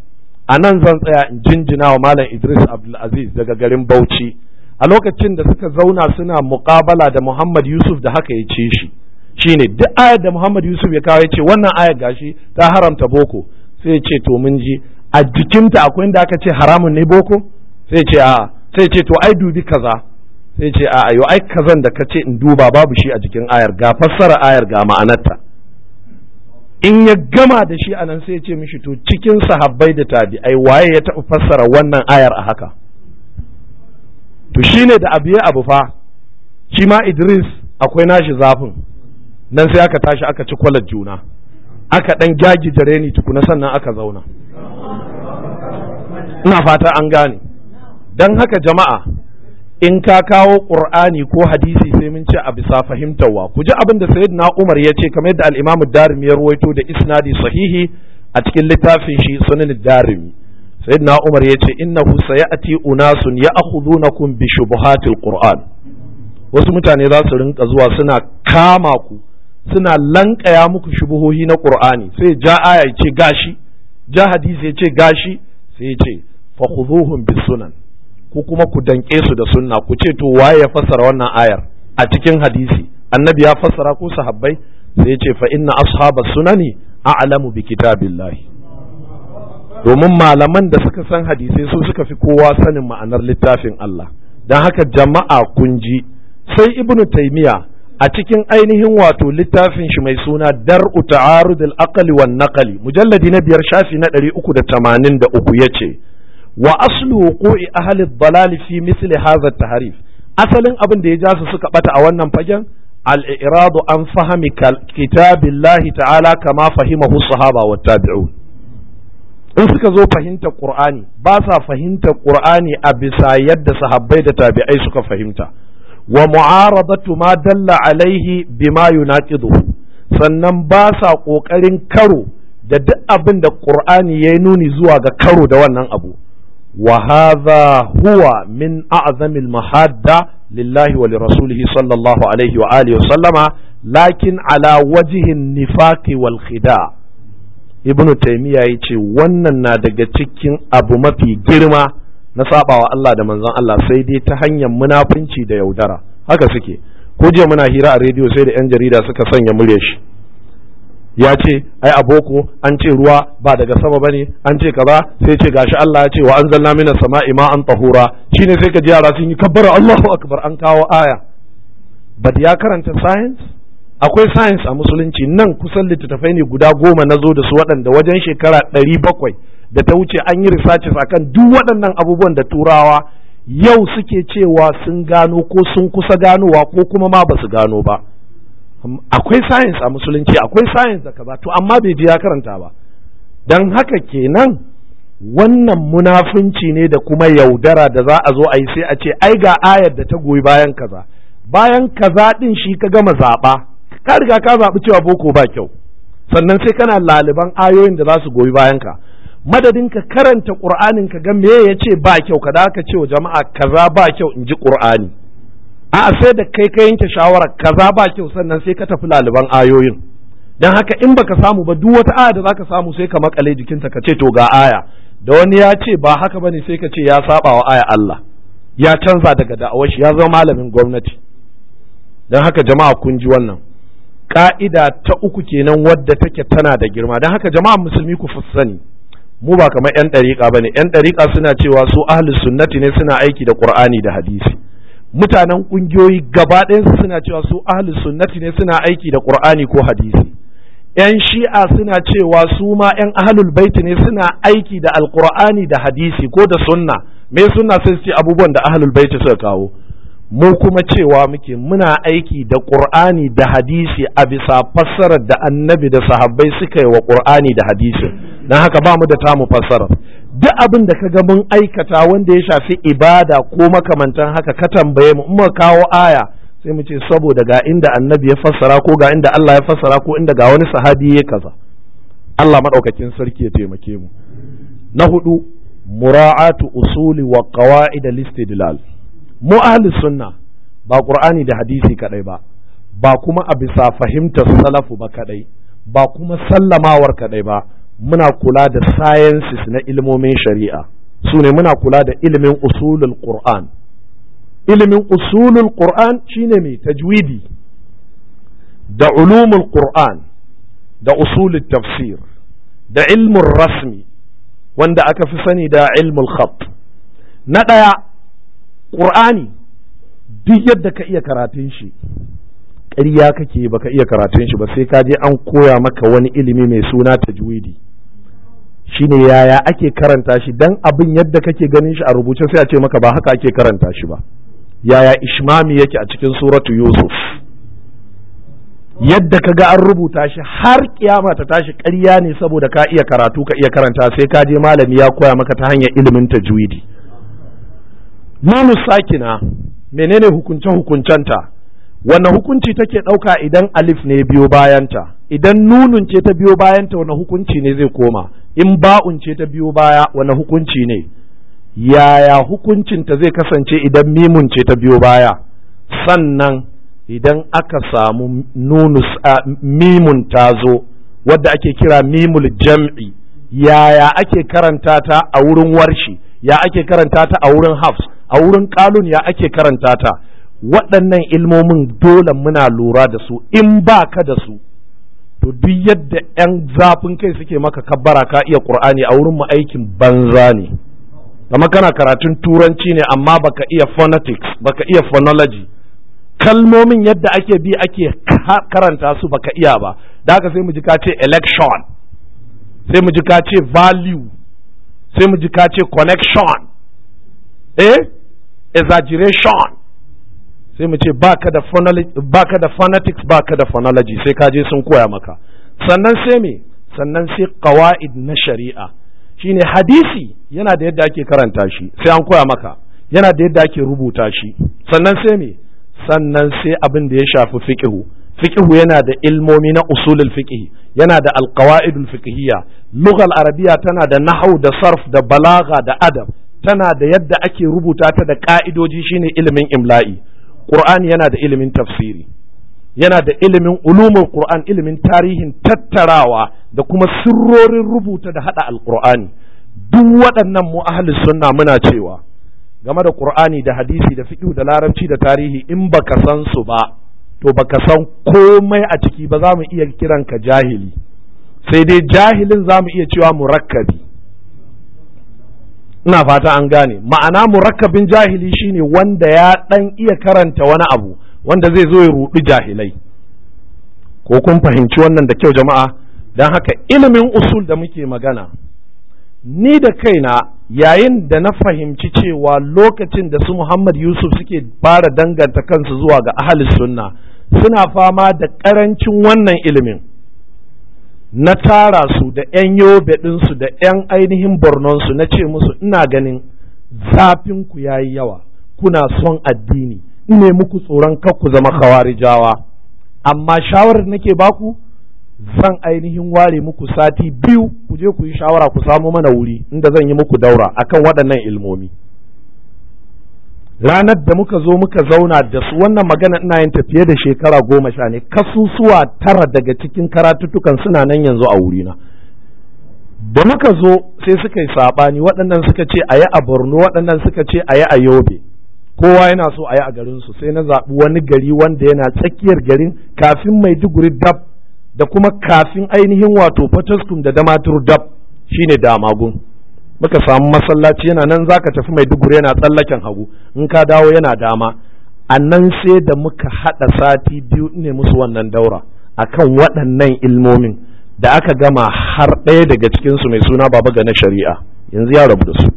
Speaker 1: a nan zan tsaya in jinjina wa malam idris abdulaziz daga garin bauchi a lokacin da suka zauna suna muƙabala da muhammad yusuf da haka ya ce shi shine duk ayar da muhammad yusuf ya kawo ya ce wannan ayar gashi ta haramta boko sai ya ce to mun ji a jikinta akwai inda aka ce haramun ne boko sai ce a sai ce to ai dubi kaza sai ce a yo ai kazan da kace in duba babu shi a jikin ayar ga fassara ayar ga ma'anarta in ya gama da shi anan sai ya ce mishi to cikin sahabbai da tabi'ai waye ya taɓa fassara wannan ayar a haka to shine da abu ya abu fa shi ma Idris akwai nashi zafin nan sai aka tashi aka ci kwalar juna aka dan gyagijare ni tukuna sannan aka zauna ina fata an gane don haka jama'a in ka kawo ƙur'ani ko hadisi sai mun ce a bisa fahimtarwa ku ji abin da sayyidina umar ya ce kamar yadda al'imamin darimi ya ruwaito da isnadi sahihi a cikin littafin shi sunan darimi sayyidina umar ya ce innahu sayati unasun ya'khudunakum bi shubuhatil qur'an wasu mutane za su rinka zuwa suna kama ku suna lankaya muku shubuhohi na qur'ani sai ja aya ya ce gashi ja hadisi ya ce gashi sai ya ce fa khuduhum bis sunan Ku kuma ku danƙe su da sunna ku ce to waye ya fassara wannan ayar a cikin hadisi annabi ya fassara ko sahabbai sai ya ce fa inna ashaba sunani a'lamu bi kitabillahi domin malaman da suka san hadisai su suka fi kowa sanin ma'anar littafin Allah dan haka jama'a kun ji sai ibnu taymiya a cikin ainihin wato littafin shi mai suna dar'u ta'arudul aqli wan naqli mujalladi na biyar shafi na 383 yace wa aslu wuqu'i ahli ad-dalal fi mithli hadha at-tahrif asalin abin da ya ja su suka bata a wannan fagen al-i'rad an fahimi kitabillahi ta'ala kama fahimahu sahaba wa tabi'un in suka zo fahimta qur'ani ba sa fahimta qur'ani a bisa yadda sahabbai da tabi'ai suka fahimta wa mu'aradatu ma dalla alaihi bima yunaqidu sannan ba sa ƙoƙarin karo da duk abin da ƙur'ani ya nuni zuwa ga karo da wannan abu wa huwa min a'zamil mahadda lillahi wa lirasulihi sallallahu alaihi lakin ala wajihin nifaqi wal khida ibnu taymiya yace wannan na daga cikin abu mafi girma na sabawa Allah da manzon Allah sai dai ta hanyar munafunci da yaudara haka suke ko jiya muna hira a rediyo sai da yan jarida suka sanya muryar shi ya ce ai a boko an ce ruwa ba daga sama bane an ce kaza sai ce gashi Allah ya ce wa anzalna minas sama'i ma'an tahura shine sai ka ji yara sun yi kabbara Allahu akbar an kawo aya but ya karanta science akwai science a musulunci nan kusan littattafai ne guda goma na zo da su waɗanda wajen shekara ɗari bakwai da ta wuce an yi researches akan duk waɗannan abubuwan da turawa yau suke cewa sun gano ko sun kusa ganowa ko kuma ma ba su gano ba akwai science a musulunci akwai science da kaza to amma bai biya karanta ba don haka kenan wannan munafunci ne da kuma yaudara da za a zo a yi sai a ce ai ga ayar da ta goyi bayan kaza bayan kaza din shi ka gama zaɓa ka riga ka zaɓi cewa boko ba kyau sannan sai kana laliban ayoyin da za su goyi bayan ka madadin ka karanta qur'anin ka ga me ya ce ba kyau ka da ka ce wa jama'a kaza ba kyau in ji qur'ani a sai da kai ka yanke shawarar kaza ba kyau sannan sai ka tafi laliban ayoyin dan haka in baka samu ba duk wata aya da zaka samu sai ka makale jikinta ka ce to ga aya da wani ya ce ba haka bane sai ka ce ya saba wa aya Allah ya canza daga da'awar shi ya zama malamin gwamnati dan haka jama'a kun ji wannan ka'ida ta uku kenan wadda take tana da girma dan haka jama'a musulmi ku fassani mu ba kamar yan dariqa bane yan dariqa suna cewa su ahlus sunnati ne suna aiki da qur'ani da hadisi mutanen kungiyoyi gaba ɗayansu suna cewa su ahli sunnati ne suna aiki da qur'ani ko hadisi yan shi'a suna cewa su ma yan ahlul baiti ne suna aiki da alqur'ani da hadisi ko da sunna me sunna sai su ce abubuwan da ahlul baiti suka kawo mu kuma cewa muke muna aiki da ƙur'ani da hadisi a bisa fassarar da annabi da sahabbai suka yi wa ƙur'ani da hadisi don haka ba mu da tamu fassarar duk abin da ka ga mun aikata wanda ya shafi ibada ko makamantan haka ka tambaye mu mu kawo aya sai mu ce saboda ga inda annabi ya fassara ko ga inda Allah ya fassara ko inda ga wani sahabi ya kaza Allah madaukakin sarki ya taimake mu na hudu mura'atu usuli wa qawaid al-istidlal mu ahli sunna ba qur'ani da hadisi kadai ba ba kuma a bisa fahimtar salafu ba kadai ba kuma sallamawar kadai ba muna kula da sciences na ilmomin shari'a su ne muna kula da ilimin usulul qur'an ilimin usulul qur'an shine mai tajwidi da ulumul qur'an da usulul tafsir da ilmin rasmi wanda aka fi sani da ilmul khat na ɗaya ƙur'ani duk yadda ka iya karatun shi ƙarya kake baka iya karatun shi ba sai ka je an koya maka wani ilimi mai suna tajwidi shine yaya ake karanta shi dan abin yadda kake ganin shi a rubuce sai a ce maka ba haka ake karanta shi ba yaya ishmami yake a cikin suratu yusuf yadda ka ga an rubuta shi har kiyama ta tashi ƙarya ne saboda ka iya karatu ka iya karanta sai ka je malami ya koya maka ta hanyar ilimin tajwidi nunu sakina menene hukunce hukuncenta wanne hukunci take ɗauka idan alif ne biyo bayanta idan nunun ce ta biyo bayanta wanne hukunci ne zai koma in ba'un ce ta biyo baya wanne hukunci ne yaya hukuncinta zai kasance idan mimun ce ta biyo baya sannan idan aka samu nunus mimun ta zo wadda ake kira mimul jam'i yaya ake karanta ta a wurin warshi ya ake karanta ta a wurin hafs a wurin kalun ya ake karanta ta waɗannan ilmomin dole muna lura da su in ba ka da su to duk yadda 'yan zafin kai suke maka kabbara ka iya ƙur'ani a wurin mu aikin banza ne kama kana karatun turanci ne amma baka iya phonetics baka iya phonology kalmomin yadda ake bi ake karanta su baka iya ba da haka sai mu ji ka ce election sai mu ji ka ce value sai mu ji ka ce connection eh exaggeration sai mu ce baka da fanatic da fanatics baka da phonology sai ka je sun koya maka sannan sai me sannan sai qawaid na shari'a shine hadisi yana da yadda ake karanta shi sai an koya maka yana da yadda ake rubuta shi sannan sai me sannan sai abin da ya shafi fiqhu fiqhu yana da ilmomi na usulul fiqh yana da alqawaidul fiqhiyya lughal arabiyya tana da nahwu da sarf da balaga da adab tana da yadda ake rubuta ta da ka'idoji shine ilimin imla'i qur'ani yana da ilimin tafsiri yana da ilimin ulumul qur'an ilimin tarihin tattarawa da kuma sirrorin rubuta da hada alqur'ani duk waɗannan mu ahli sunna muna cewa game da qur'ani da hadisi da fiqh da larabci da tarihi in baka san su ba to baka san komai a ciki ba za mu iya kiranka jahili sai dai jahilin za mu iya cewa murakkabi ina fata an gane ma'ana murakkabin jahili shine wanda ya ɗan iya karanta wani abu wanda zai zo ya rudi jahilai ko kun fahimci wannan da kyau jama'a don haka ilimin usul da muke magana ni da kaina yayin da na fahimci cewa lokacin da su Muhammad Yusuf suke fara danganta kansu zuwa ga ahalis sunna suna fama da ƙarancin wannan ilimin na tara su da 'yan yobe ɗinsu da 'yan ainihin bornonsu na ce musu ina ganin zafinku ya yi yawa kuna son addini ne muku tsoron ku zama kawarijawa amma shawarar nake baku zan ainihin ware muku sati biyu ku je ku yi shawara ku samo mana wuri inda zan yi muku daura akan waɗannan ilmomi ranar da muka zo muka zauna da su wannan magana ina yin tafiye da shekara goma sha ne kasusuwa tara daga cikin karatutukan suna nan yanzu a wurina da muka zo sai suka yi saɓani waɗannan suka ce a yi a borno waɗannan suka ce a yi a yobe kowa yana so a yi a garin su sai na zaɓi wani gari wanda yana tsakiyar garin kafin maiduguri dab da kuma kafin ainihin wato fataskum da damatur dab shine damagun muka samu masallaci yana nan zaka tafi mai duguri yana tsallaken hagu in ka dawo yana dama a nan sai da muka haɗa sati biyu ne musu wannan daura akan waɗannan ilmomin da aka gama har ɗaya daga cikinsu mai suna baba ga na shari'a yanzu ya rabu da su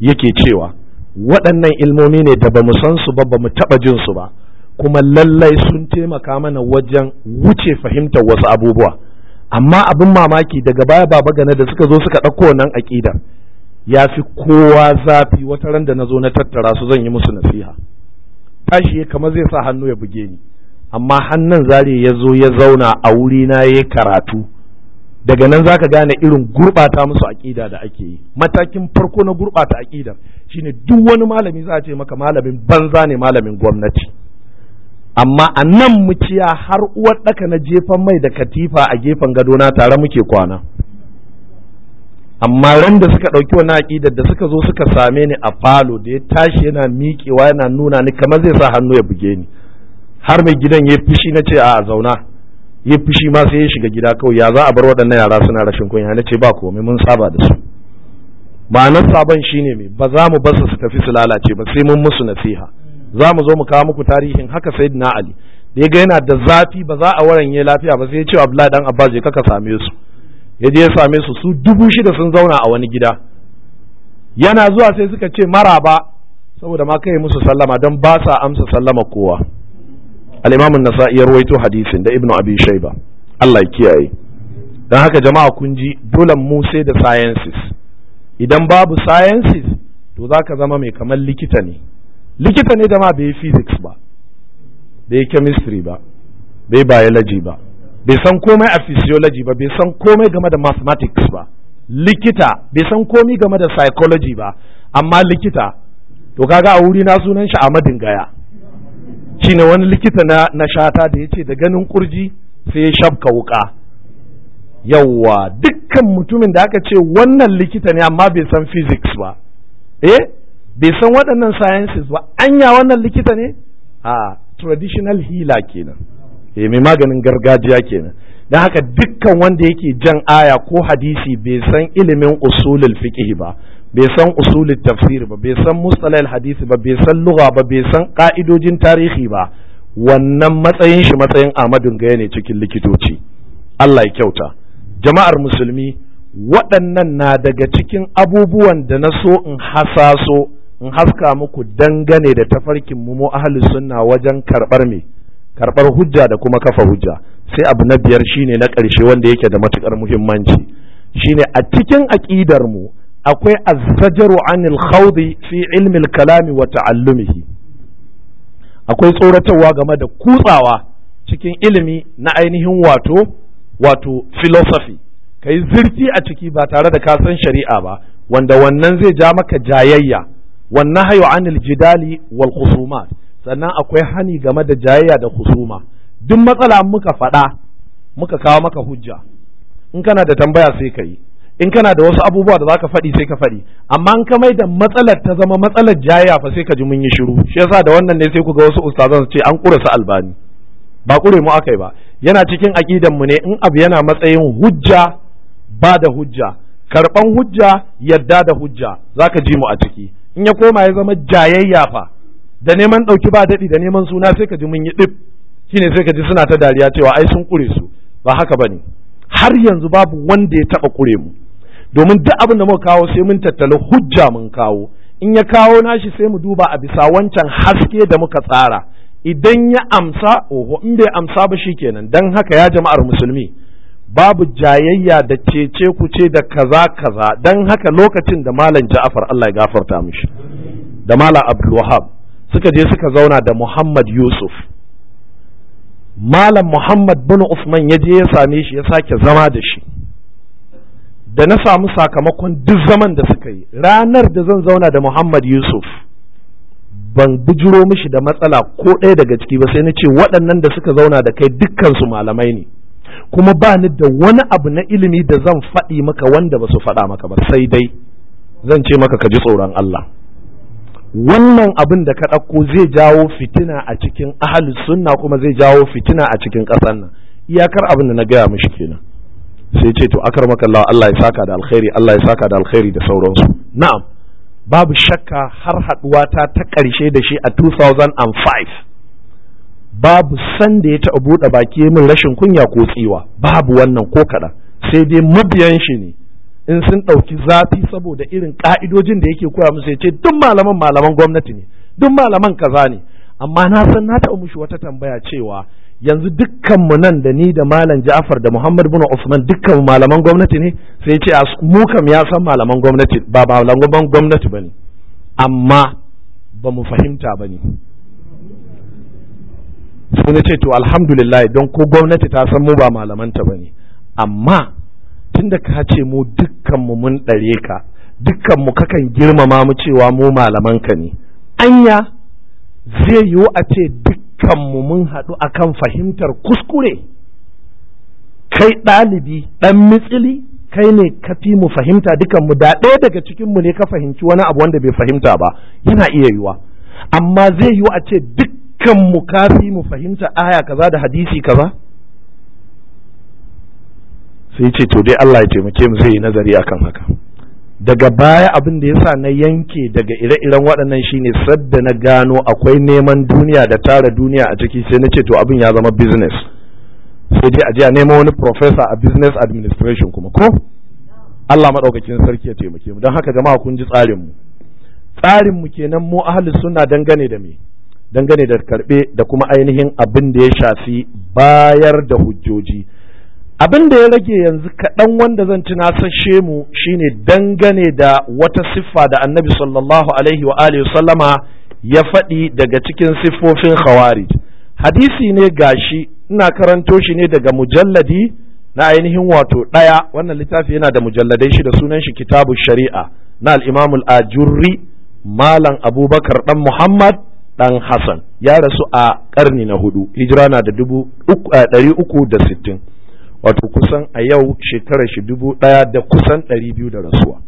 Speaker 1: yake cewa waɗannan ilmomi ne da bamu san su ba bamu mu taɓa jin su ba kuma lallai sun taimaka mana wajen wuce fahimtar wasu abubuwa amma abin mamaki daga baya baba gane da suka zo suka ɗauko nan aƙidar ya fi kowa zafi wata ran da na zo na tattara su zan yi musu nasiha tashi ya kamar zai sa hannu ya buge ni amma hannun zare ya zo ya zauna a wuri na ya karatu daga nan zaka gane irin gurɓata musu aƙida da ake yi matakin farko na gurɓata aƙidar shine duk wani malami za a ce maka malamin banza ne malamin gwamnati amma a nan muciya har uwar ɗaka na jefan mai da katifa a gefen gadona tare muke kwana amma ran da suka ɗauki wani aƙidar da suka zo suka same ni a falo da ya tashi yana miƙewa yana nuna ni kamar zai sa hannu ya buge ni har mai gidan ya fushi na ce a zauna ya fushi ma sai ya shiga gida kawai ya za a bar waɗannan yara suna rashin kunya na ce ba komai mun saba da su ma'anar sabon shine me ba za mu basu su tafi su lalace ba sai mun musu nasiha za mu zo mu kawo muku tarihin haka na ali da ya ga yana da zafi ba za a waranye lafiya ba sai ya ce abdullahi dan abbas ya kaka same su ya je ya same su su dubu shida sun zauna a wani gida yana zuwa sai suka ce maraba saboda ma kai musu sallama don ba sa amsa sallama kowa Alimamin imam an-nasa'i ya ruwaito hadisin da ibnu abi shayba Allah ya kiyaye don haka jama'a kun ji dole mu sai da sciences idan babu sciences to zaka zama mai kamar likita ne likita ne da ma bai physics ba bai yi chemistry ba bai biology ba bai san komai a physiology ba bai san komai game da mathematics ba likita bai san komai game da psychology ba amma likita to kaga a wuri na sunan shi Ahmadin Gaya shine wani likita na na shata da yace da ganin kurji sai ya shafka wuka yawwa dukkan mutumin da aka ce wannan likita ne amma bai san physics ba eh bai san waɗannan sciences ba anya wannan likita ne a traditional healer kenan eh mai maganin gargajiya kenan don haka dukkan wanda yake jan aya ko hadisi bai san ilimin usulul fiqh ba bai san usulul tafsir ba bai san mustalahil hadisi ba bai san lugha ba bai san ka'idojin tarihi ba wannan matsayin shi matsayin Ahmadun gaya ne cikin likitoci Allah ya kyauta jama'ar musulmi waɗannan na daga cikin abubuwan da na so in hasaso in haska muku dangane da tafarkin mu ahlus sunna wajen karbar me karbar hujja da kuma kafa hujja sai abu na biyar shine na ƙarshe wanda yake da matukar muhimmanci shine a cikin aqidar mu akwai azzajaru anil khawdi fi ilmi kalami wa ta'allumihi akwai tsoratarwa game da kutsawa cikin ilimi na ainihin wato wato philosophy kai zirti a ciki ba tare da ka san shari'a ba wanda wannan zai ja maka jayayya والنهي عن الجدال والخصومات wal sannan akwai hani game da jayayya da Kusuma duk matsala muka fada muka kawo maka hujja in kana da tambaya sai ka yi in kana da wasu abubuwa da zaka faɗi sai ka faɗi amma in ka mai da matsalar ta zama matsalar jayayya fa sai ka ji mun yi shiru shi yasa da wannan ne sai ku ga wasu ustazan su ce an kure su albani ba kure mu akai ba yana cikin aqidan mu ne in abu yana matsayin hujja ba da hujja karban hujja yadda da hujja zaka ji mu a ciki in ya koma ya zama jayayya fa da neman ɗauki ba daɗi da neman suna sai ka ji mun yi ɗib shine sai ka ji suna ta dariya cewa ai sun kure su ba haka ba ne har yanzu babu wanda ya taɓa kure mu domin duk abin da muka kawo sai mun tattala hujja mun kawo in ya kawo nashi sai mu duba a bisa wancan haske da muka tsara idan ya amsa oho in bai amsa ba shikenan dan haka ya jama'ar musulmi babu jayayya da cece ku ce da kaza kaza don haka lokacin da malam ja'afar Allah ya gafarta mishi da malam abdulwahab suka je suka zauna da muhammad yusuf malam muhammad bin usman ya je ya same shi ya sake zama da shi da na samu sakamakon duk zaman da suka yi ranar da zan zauna da muhammad yusuf ban bujuro mishi da matsala ko ɗaya daga ciki ba sai na ce waɗannan da suka zauna da kai dukkansu malamai ne kuma ba ni da wani abu na ilimi da zan faɗi maka wanda ba su faɗa maka ba sai dai zan ce maka ka ji tsoron Allah wannan abin da ka ɗauko zai jawo fitina a cikin ahli sunna kuma zai jawo fitina a cikin ƙasar nan iyakar abin da na gaya mishi kenan sai ce to akar maka Allah Allah ya saka da alkhairi Allah ya saka da alkhairi da sauransu na'am babu shakka har haɗuwa ta ta ƙarshe da shi a 2005 babu sanda ya taɓa buɗe baki min rashin kunya ko tsiwa babu wannan ko kaɗan sai dai mabiyan shi ne in sun ɗauki zafi saboda irin ƙa'idojin da yake koya musu ya ce duk malaman malaman gwamnati ne duk malaman kaza ne amma na san na taɓa mushi wata tambaya cewa yanzu dukkanmu nan da ni da malam Ja'far da Muhammad bin Usman dukkan malaman gwamnati ne sai ya ce mu kam ya san malaman gwamnati ba malaman gwamnati bane amma ba mu fahimta bane sai na ce to alhamdulillah don ko gwamnati ta san mu ba malamanta ba ne amma tunda ka ce mu dukkan mu mun ɗare ka dukkan mu kakan girmama mu cewa mu malamanka ne anya zai yiwu a ce dukkan mu mun haɗu akan fahimtar kuskure kai ɗalibi ɗan mitsili kai ne ka fi mu fahimta mu. da ɗaya daga cikinmu ne ka fahimci wani abu wanda bai fahimta ba yana iya yiwa amma zai yiwu a ce duk dukan mu kafi mu fahimta aya kaza da hadisi kaza sai ce to dai Allah ya taimake mu zai yi nazari akan haka daga baya abin da yasa na yanke daga ire-iren waɗannan shine sadda na gano akwai neman duniya da tara duniya a ciki sai na ce to abin ya zama business sai dai a a nemo wani professor a business administration kuma ko
Speaker 2: Allah maɗaukakin
Speaker 1: sarki ya taimake mu don haka jama'a kun ji tsarin mu tsarin mu kenan mu ahlus sunna dangane da me dangane da karbe da kuma ainihin abin da ya shafi bayar da hujjoji abin da ya rage yanzu kaɗan wanda zan ci nasashe mu shine dangane da wata siffa da annabi sallallahu alaihi wa alihi sallama ya faɗi daga cikin siffofin khawarij hadisi ne gashi ina karanto shi ne daga mujalladi na ainihin wato ɗaya wannan littafi yana da mujalladai shi da sunan shi kitabu shari'a na al imamul ajurri malam abubakar dan muhammad ɗan Hassan ya rasu a ƙarni na hudu hijira na da dubu ɗari eh, uku da sittin wato kusan a yau shekarar shi dubu ɗaya da kusan ɗari biyu da rasuwa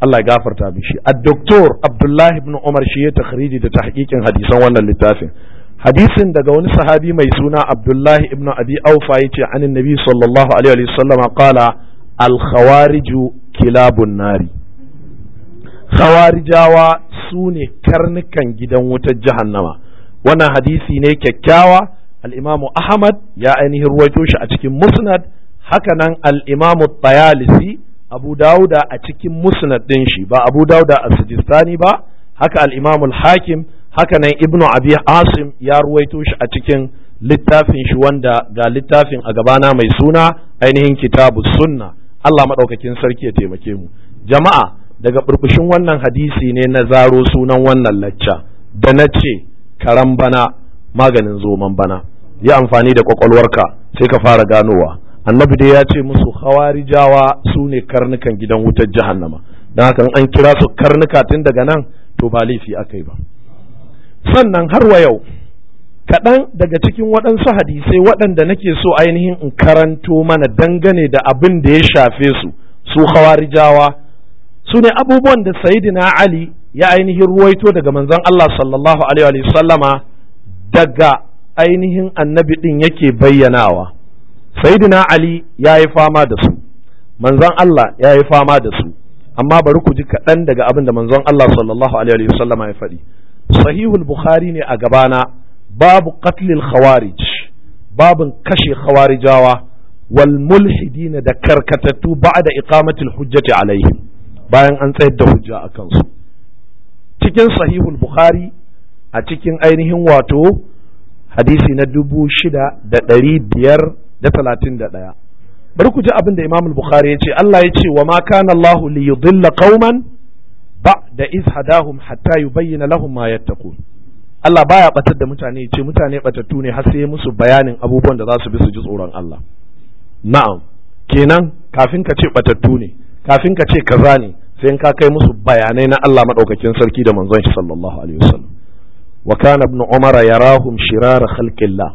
Speaker 1: Allah ya gafarta mishi a doktor Abdullahi ibn Umar shi ya takhriji da tahqiqin hadisan wannan littafin hadisin daga wani sahabi mai suna Abdullahi ibn Abi Aufa yace anin Nabi sallallahu alaihi wa sallama qala al khawariju kilabun nari khawarijawa su ne karnukan gidan wutar jahannama wannan hadisi ne kyakkyawa al'imamu ahmad ya ainihin ruwaito shi a cikin musnad hakanan al'imamu tayalisi abu dauda a cikin musnad ɗin shi ba abu dauda a sijistani ba haka al'imamu hakim hakanan ibnu abi asim ya ruwaito shi a cikin littafin shi wanda ga littafin a gabana mai suna ainihin kitabu sunna allah maɗaukakin sarki ya taimake mu jama'a daga burbushin wannan hadisi ne na zaro sunan wannan lacca da na ce karan bana maganin zoman bana yi amfani da kwakwalwarka sai ka fara ganowa annabi dai ya ce musu hawarijawa su ne karnukan gidan wutar jahannama don haka an kira su karnuka tun daga nan to ba laifi aka yi ba sannan har wa yau kaɗan daga cikin waɗansu hadisai waɗanda nake so ainihin in karanto mana dangane da abin da ya shafe su su hawarijawa su ne abubuwan da sayidina ali ya ainihin ruwaito daga manzon Allah sallallahu alaihi wa sallama daga ainihin annabi din yake bayyanawa sayidina ali ya yi fama da su manzon Allah ya yi fama da su amma bari ku ji kaɗan daga abin da manzon Allah sallallahu alaihi wa sallama ya faɗi sahihul bukhari ne a gabana babu qatlil khawarij babin kashe khawarijawa wal mulhidina da karkatattu ba'da iqamatil hujjati alaihim bayan an tsayar da hujja a kansu cikin sahihul bukhari a cikin ainihin wato hadisi na dubu shida da ɗari biyar da talatin da ɗaya bari ku ji abin da imamul bukhari ya ce Allah ya ce wa ma kana Allah li yudilla qauman da iz hadahum hatta yubayyana lahum ma yattaqun Allah baya batar da mutane ya ce mutane batattu ne har sai musu bayanin abubuwan da za su bi su ji tsoron Allah na'am kenan kafin ka ce batattu ne kafin ka ce kaza ne sai in ka kai musu bayanai na Allah madaukakin sarki da manzon shi sallallahu alaihi wasallam wa kana ibn umara yarahum shirara khalqillah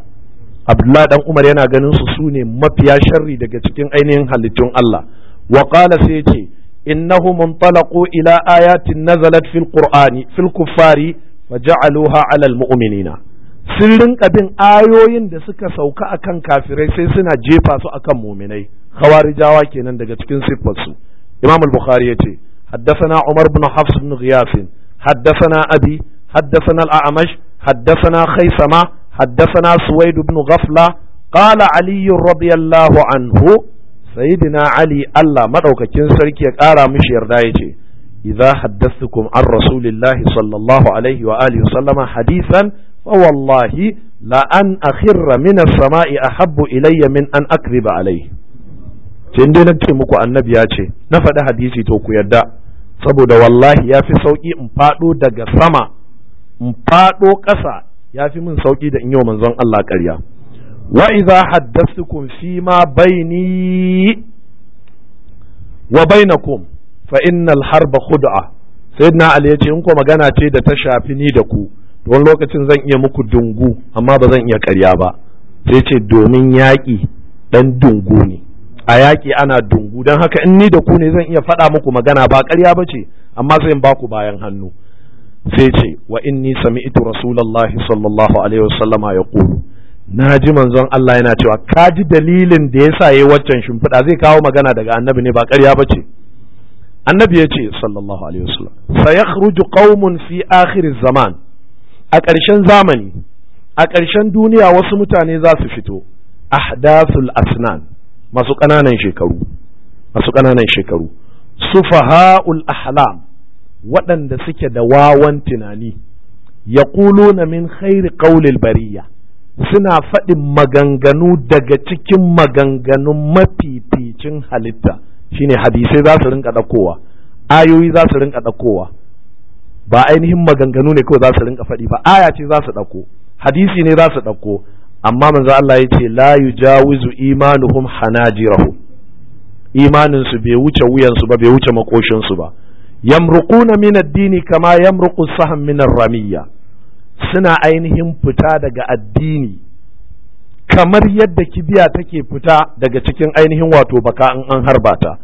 Speaker 1: abdullah dan umar yana ganin su sune mafiya sharri daga cikin ainihin halittun Allah wa qala sai yace innahu muntalaqu ila ayatin nazalat fil qur'ani fil kuffari faja'aluha 'ala al mu'minina sun rinka bin ayoyin da suka sauka akan kafirai sai suna jefa su akan muminai khawarijawa kenan daga cikin siffarsu imam al-bukhari yace haddathana umar ibn hafs ibn ghiyas haddathana abi haddathana al-a'mash haddathana khaysama haddathana suwaid ibn ghafla qala ali radiyallahu anhu sayyidina ali Allah maɗaukacin sarki ya ƙara mishi yarda yace idza haddathukum an rasulillahi sallallahu alaihi wa alihi sallama hadithan fa wallahi la'an an akhirra min as-sama'i ahabbu ilayya min an akriba alayhi Sai dai na ce muku annabi ya ce na faɗi hadisi to ku yarda saboda wallahi ya fi sauƙi in faɗo daga sama in faɗo ƙasa ya fi min sauƙi da in yi wa manzon Allah ƙarya wa iza haddathtukum fi ma baini wa bainakum fa innal harba khud'a sayyidina ali yace in ko magana ce da ta shafi ni da ku to wani lokacin zan iya muku dungu amma ba zan iya ƙarya ba sai ce domin yaƙi dan dungu ne a yaƙi ana dungu don haka in ni da ku ne zan iya faɗa muku magana ba ƙarya ba ce amma zan ba ku bayan hannu sai ce wa inni sami'tu rasulullahi sallallahu alaihi wasallama ya kulu na ji manzon Allah yana cewa ka ji dalilin da yasa ya waccan shimfiɗa zai kawo magana daga annabi ne ba ƙarya ba ce annabi ya ce sallallahu alaihi wasallam sayakhruju qaumun fi akhir zaman a ƙarshen zamani a ƙarshen duniya wasu mutane za su fito ahdathul asnan masu ƙananan shekaru masu ƙananan shekaru sufaha'ul ahlam waɗanda suke da wawan tunani na min khairi ƙaulil bariya suna faɗin maganganu daga cikin maganganun mafificin halitta shine hadisai za su rinka ɗaukowa ayoyi za su rinka ɗaukowa ba ainihin maganganu ne kawai za su rinka faɗi ba aya ce za su ɗauko hadisi ne za su ɗauko amma manzo Allah ya ce la yujawizu imanuhum hanajirahu imanin su bai wuce wuyan su ba bai wuce makoshin su ba yamruquna min ad-dini kama yamruqu sahm min ar-ramiyya suna ainihin fita daga addini kamar yadda kibiya take fita daga cikin ainihin wato baka in an harba ta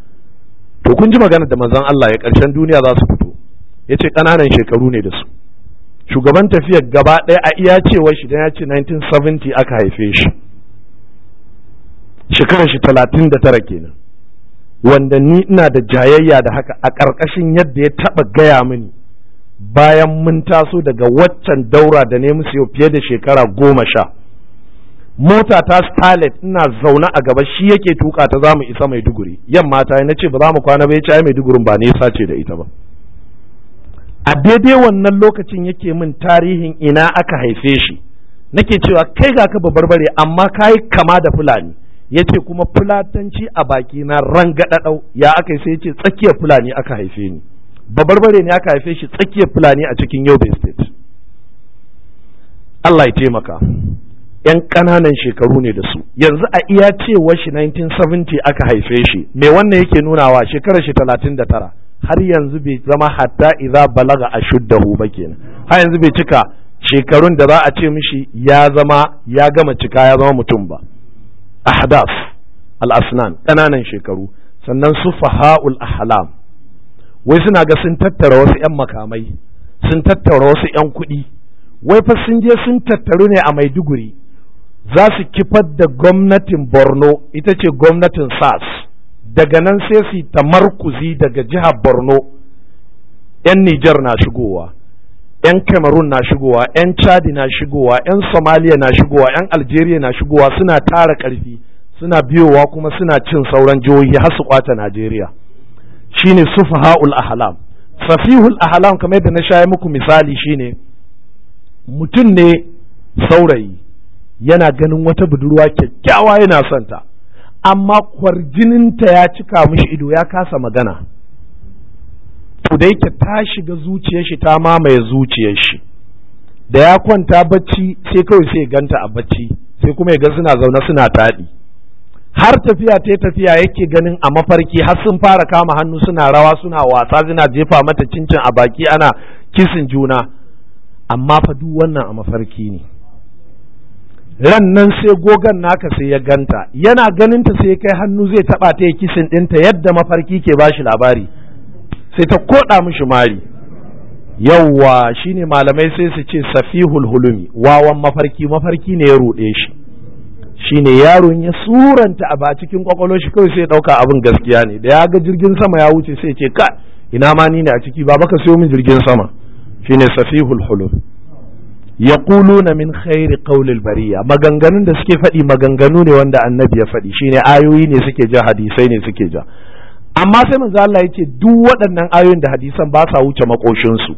Speaker 1: to kun ji magana da manzon Allah ya ƙarshen duniya za su fito yace ƙananan shekaru ne da su shugaban tafiyar gaba ɗaya a iya cewa shi dan ya ce 1970 aka haife shi shekarar shi 39 kenan wanda ni ina da jayayya da haka a ƙarƙashin yadda ya taɓa gaya mini bayan mun taso daga waccan daura da ne musu fiye da shekara goma sha mota ta stalet ina zaune a gaba shi yake tuka ta za mu isa maiduguri yamma ta yi na ce ba za mu kwana ba ya ce ai dugurin ba ya sace da ita ba a daidai wannan lokacin yake min tarihin ina aka haife shi nake cewa kai ga ka babarbare amma ka yi kama da fulani ya ce kuma fulatanci a baki na rangadadau ya aka yi sai ya ce tsakiyar fulani aka haife ni babarbare ne aka haife shi tsakiyar fulani a cikin yobe state Allah ya taimaka yan ƙananan shekaru ne da su yanzu a iya cewa shi 1970 aka haife shi me wannan yake nunawa shekarar shi 39 har yanzu bai zama hatta idza balaga ashuddahu ba kenan har yanzu bai cika shekarun da za a ce mishi ya zama ya gama cika ya zama mutum ba ahdaf al-asnan ƙananan shekaru sannan sufaha'ul ahlam wai suna ga sun tattara wasu 'yan makamai sun tattara wasu 'yan kuɗi wai fa sun je sun tattaru ne a maiduguri za su kifar da gwamnatin borno ita ce gwamnatin sas daga nan sai su ta markuzi daga jihar borno 'yan nijar na shigowa 'yan cameroon na shigowa 'yan chadi na shigowa 'yan somalia na shigowa 'yan algeria na shigowa suna tara karfi suna biyowa kuma suna cin sauran jihohi har su kwata najeriya shine sufaha'ul ahlam safihul ahlam kamar yadda na shaye muku misali shine mutum ne saurayi yana ganin wata budurwa kyakkyawa yana son ta amma kwarjininta ya cika mishi ido ya kasa magana to da yake ta shiga zuciyar shi ta mamaye zuciyar shi da ya kwanta bacci sai kawai sai ganta a bacci sai kuma ya ga suna zaune suna taɗi har tafiya ta tafiya yake ganin a mafarki har sun fara kama hannu suna rawa suna wasa suna jefa mata cincin a baki ana kisin juna amma fa duk wannan a mafarki ne ran nan sai gogan naka sai ya ganta yana ganin ta sai kai hannu zai taba ta kisin dinta yadda mafarki ke ba shi labari sai ta koɗa mishi mari yawwa shine malamai sai su ce safihul hulumi wawan mafarki mafarki ne ya rude shi shine yaron ya suranta a ba cikin kwakwalwar shi kawai sai ɗauka abin gaskiya ne da ya ga jirgin sama ya wuce sai ce ka ina ma ni ne a ciki Baba ka siyo min jirgin sama shine safihul hulumi Ya na min khairi qawlil bariya maganganun da suke faɗi maganganu ne wanda annabi ya faɗi shine ayoyi ne suke ja hadisai ne suke ja amma sai manzo Allah yake duk waɗannan ayoyin da hadisan ba sa wuce makoshinsu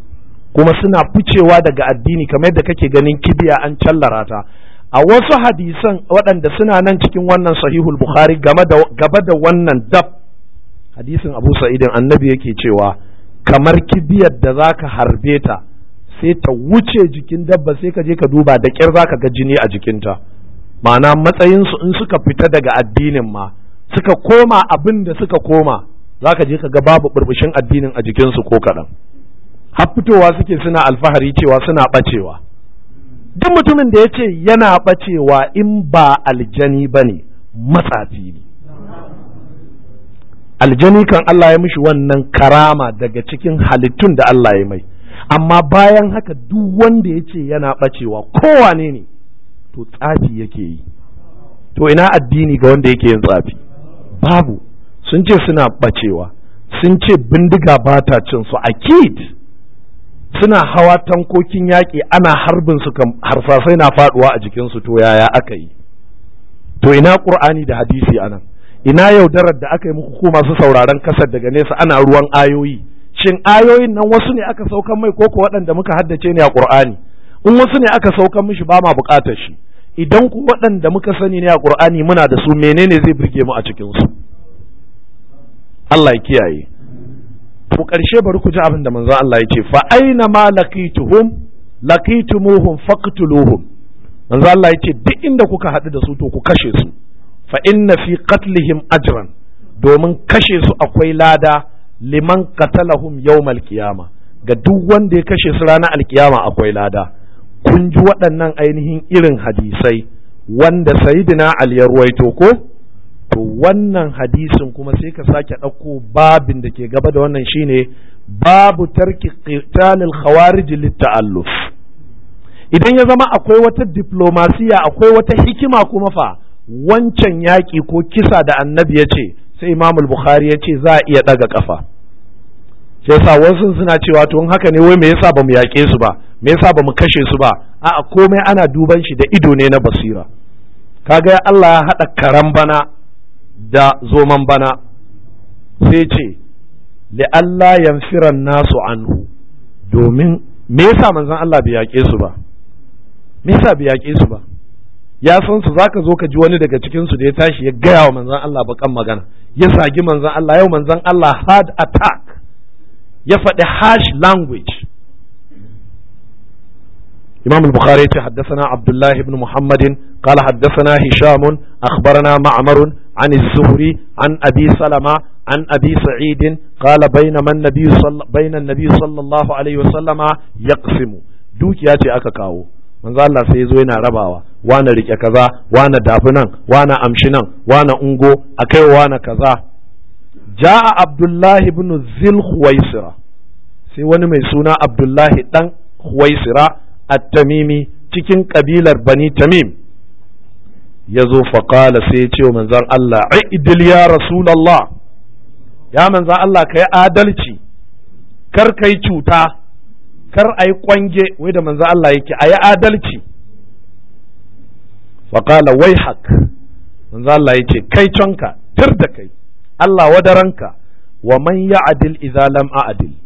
Speaker 1: kuma suna ficewa daga addini kamar yadda kake ganin kibiya an callara ta a wasu hadisan waɗanda suna nan cikin wannan sahihul bukhari gaba da wannan dab hadisin abu sa'idin annabi yake cewa kamar kibiyar da zaka harbe ta sai ta wuce jikin dabba sai ka je ka duba da kyar za ka ga jini a jikinta ma'ana matsayinsu in suka fita daga addinin ma suka koma abin da suka koma za ka je ka ga babu burbushin addinin a jikinsu ko kaɗan har fitowa suke suna alfahari cewa suna ɓacewa duk mutumin da ya ce yana ɓacewa in ba aljani ba ne matsafi ne aljani kan Allah ya mishi wannan karama daga cikin halittun da Allah ya mai amma bayan haka duk wanda ya ce yana ɓacewa kowane ne to tsafi yake yi to ina addini ga wanda yake yin tsafi babu sun ce suna ɓacewa sun ce bindiga ba ta cin su akid suna hawa tankokin yaƙi ana harbin su harsasai na faɗuwa a jikinsu to yaya aka yi to ina ƙur'ani da hadisi anan ina yaudarar da aka yi muku ko masu sauraron kasar daga nesa ana ruwan ayoyi shin ayoyin nan wasu ne aka saukan mai ko waɗanda muka haddace ne a ƙur'ani in wasu ne aka saukan mishi ba ma buƙatar shi idan ku waɗanda muka sani ne a ƙur'ani muna da su menene zai burge mu a cikin su Allah ya kiyaye to ƙarshe bari ku ji abin da manzon Allah ya ce fa aina ma laqituhum laqitumuhum faqtuluhum manzon Allah ya duk inda kuka haɗu da su to ku kashe su fa inna fi qatlihim ajran domin kashe su akwai lada liman qatalahum yawmal qiyama ga duk wanda ya kashe su ranar alkiyama akwai lada kun ji waɗannan ainihin irin hadisai wanda sayyidina ali ya ruwaito ko to wannan hadisin kuma sai ka sake ɗauko babin da ke gaba da wannan shine babu tarki qitalil khawarij litta'alluf idan ya zama akwai wata diplomasiya akwai wata hikima kuma fa wancan yaƙi ko kisa da annabi ya ce sai imamul bukhari ya ce za a iya ɗaga ƙafa sai sa wasu suna cewa to haka ne wai me yasa bamu yaƙe su ba me yasa bamu kashe su ba a'a komai ana duban shi da ido ne na basira kaga Allah ya haɗa karan bana da zoman bana sai ce li'alla yanfiran nasu anhu domin me yasa manzon Allah bai yaƙe su ba me yasa bai yaƙe su ba ya san su zaka zo ka ji wani daga cikin su da ya tashi ya gaya wa manzon Allah bakan magana ya sagi manzon Allah yau manzon Allah hard attack ya faɗi harsh language إمام البخاري حدثنا عبد الله بن محمد قال حدثنا هشام أخبرنا معمر عن الزهري عن أبي سلمة عن أبي سعيد قال بينما النبي صلى بين النبي صلى الله عليه وسلم يقسم دوك ياتي أككاو من قال الله سيزوينا رباوا وانا ريك كذا وانا دافنان وانا أمشنان وانا أنغو أكي وانا كذا ja'a abdullahi ibn zil huwaisira sai wani mai suna abdullahi dan huwaisira at-tamimi cikin kabilar bani tamim ya zo faƙala sai ya ce wa manzan Allah idil ya rasulallah ya manzan Allah ka yi adalci kar ka yi cuta kar a yi ƙwange wai da manzan Allah yake a yi adalci faƙala wai hak manzan Allah ya ce kai canka tir da kai Allah wadaranka wa man ya adil idza lam adil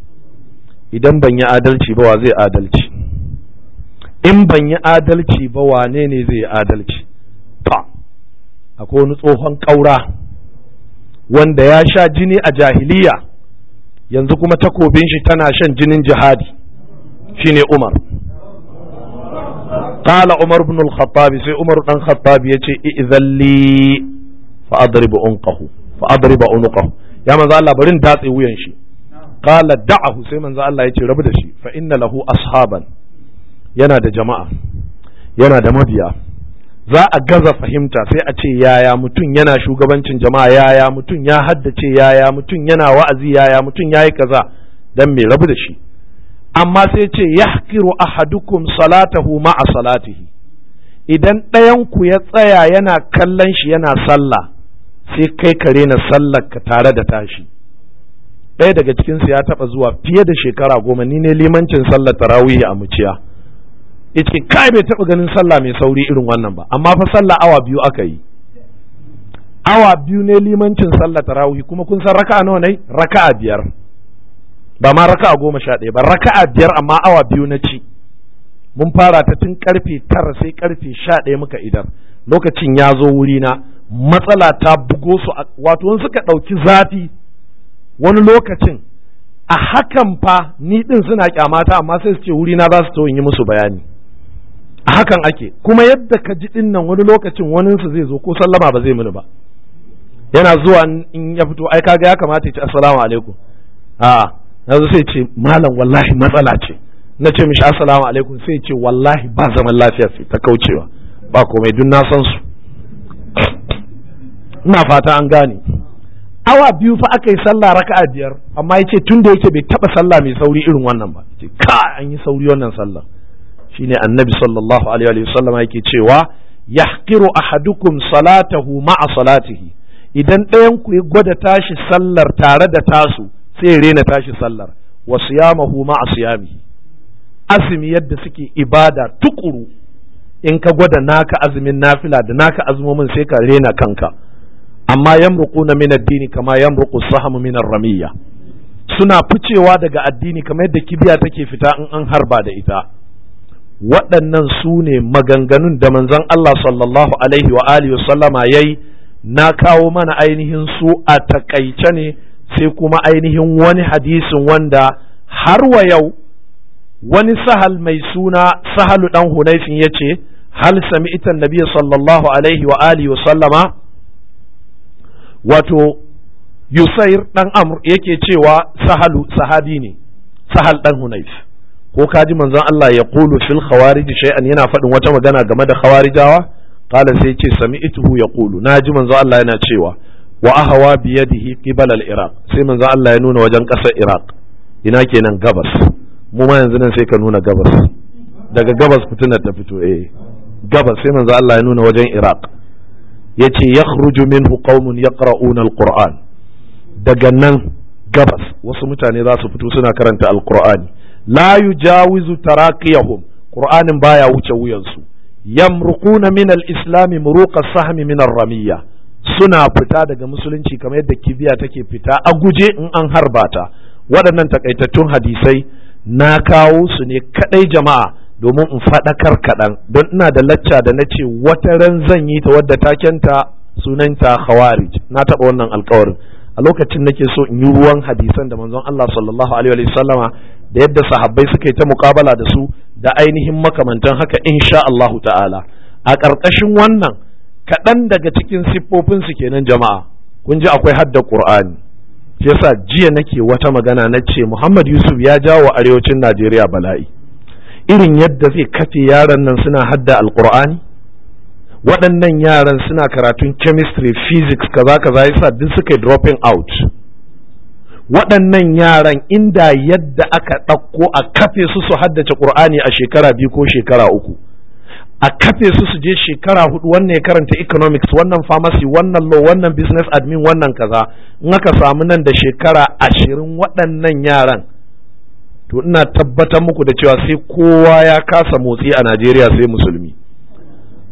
Speaker 1: idan ban yi adalci ba wa zai adalci in ban yi adalci ba wane ne zai yi adalci ta akwai wani tsohon ƙaura wanda ya sha jini a jahiliya yanzu kuma takobin shi tana shan jinin jihadi shine Umar qala Umar ibn al-Khattab sai Umar dan Khattab yace izalli fa adribu unqahu fa adriba unuqahu ya manzo Allah barin datse wuyan shi qala da'ahu sai manzo Allah yace rabu da shi fa inna lahu ashaban yana da jama'a yana da mabiya za a gaza fahimta sai a ce yaya mutum yana shugabancin jama'a yaya mutum ya haddace yaya mutum yana wa'azi yaya mutum yayi kaza dan me rabu da shi amma sai ce yahkiru ahadukum salatahu ma'a salatihi idan ɗayan ku ya tsaya yana kallon shi yana sallah sai kai kare na sallar ka tare da tashi ɗaya daga cikinsu ya taɓa zuwa fiye da shekara goma ni ne limancin sallar tarawih a muciya ya ce kai bai taɓa ganin sallah mai sauri irin wannan ba amma fa sallah awa biyu aka yi awa biyu ne limancin sallar tarawih kuma kun san raka'a nawa ne raka'a biyar ba ma raka'a goma sha ɗaya ba raka'a biyar amma awa biyu na ci mun fara ta tun karfe tara sai karfe sha ɗaya muka idan. lokacin ya zo wurina matsala ta bugo su wato suka ɗauki zafi wani lokacin a hakan fa ni ɗin suna kyamata amma sai su ce wuri na za su yi musu bayani a hakan ake kuma yadda ka ji ɗin nan wani lokacin waninsu zai zo ko sallama ba zai mini ba yana zuwa in ya fito ai kaga ya kamata ya ce assalamu alaikum a yanzu sai ce malam wallahi matsala ce na ce mishi assalamu alaikum sai ce wallahi ba zaman lafiya sai ta kaucewa ba komai dun na san su ina fata an gane awa biyu fa aka yi sallah raka'a biyar amma yace tun da yake bai taba sallah mai sauri irin wannan ba yace ka an yi sauri wannan sallah shine annabi sallallahu alaihi wa sallam yake cewa yahqiru ahadukum salatahu ma'a salatihi idan ɗayan ku ya gwada tashi sallar tare da tasu sai ya rena tashi sallar wa siyamahu ma'a siyami. azumi yadda suke ibada tukuru in ka gwada naka azumin nafila da naka azumomin sai ka rena kanka amma yamruquna min addini kama yamruqu sahmu min ar suna ficewa daga addini kamar yadda kibiya take fita in an harba da ita waɗannan su ne maganganun da manzon Allah sallallahu alaihi wa alihi sallama yayi na kawo mana ainihin su a takaice ne sai kuma ainihin wani hadisin wanda har wa yau wani sahal mai suna sahalu dan hunaifin yace hal sami'ta an-nabiy sallallahu alaihi wa sallama wato yusair dan amr yake cewa sahalu sahabi ne sahal dan hunayf ko kaji manzon Allah ya kulu fil khawarij shay'an yana faɗin wata magana game da khawarijawa qala sai yace sami'tuhu yaqulu naji manzon Allah yana cewa wa ahawa bi yadihi qibal al iraq sai manzon Allah ya nuna wajen ƙasar iraq ina kenan gabas mu ma yanzu nan sai ka nuna gabas daga gabas fitinar ta fito eh gabas sai manzon Allah ya nuna wajen iraq yace yakhruju minhu qaumun yaqra'una daga nan gabas wasu mutane za su fito suna karanta alqur'ani la yujawizu taraqiyahum qur'anin baya wuce wuyansu yamruquna min alislami muruqa sahmi min ramiyya suna fita daga musulunci kamar yadda kibiya take fita a guje in an harba ta waɗannan takaitattun hadisai na kawo su ne kadai jama'a domin in faɗakar kaɗan don ina da lacca da na ce wata ran zan yi ta wadda ta takenta sunanta khawarij na taɓa wannan alƙawarin. a lokacin nake so in yi ruwan hadisan da manzon Allah sallallahu alaihi sallama da yadda sahabbai suka yi ta muƙabala da su da ainihin makamantan haka insha Allahu ta'ala a ƙarƙashin wannan kaɗan daga cikin siffofin su kenan jama'a kun ji akwai hadda ƙur'ani shi yasa jiya nake wata magana na ce Muhammad Yusuf ya jawo arewacin Najeriya bala'i irin yadda zai kafe yaran nan suna hadda alkur'ani waɗannan yaran suna karatun chemistry physics kaza kaza yasa duk suka dropping out waɗannan yaran inda yadda aka ɗauko a kafe su su haddace ƙur'ani a shekara biyu ko shekara uku a kafe su su je shekara hudu wannan ya karanta economics wannan pharmacy wannan law wannan business admin wannan kaza in aka samu nan da shekara ashirin waɗannan yaran to ina tabbatar muku da cewa sai kowa ya kasa motsi a Najeriya sai musulmi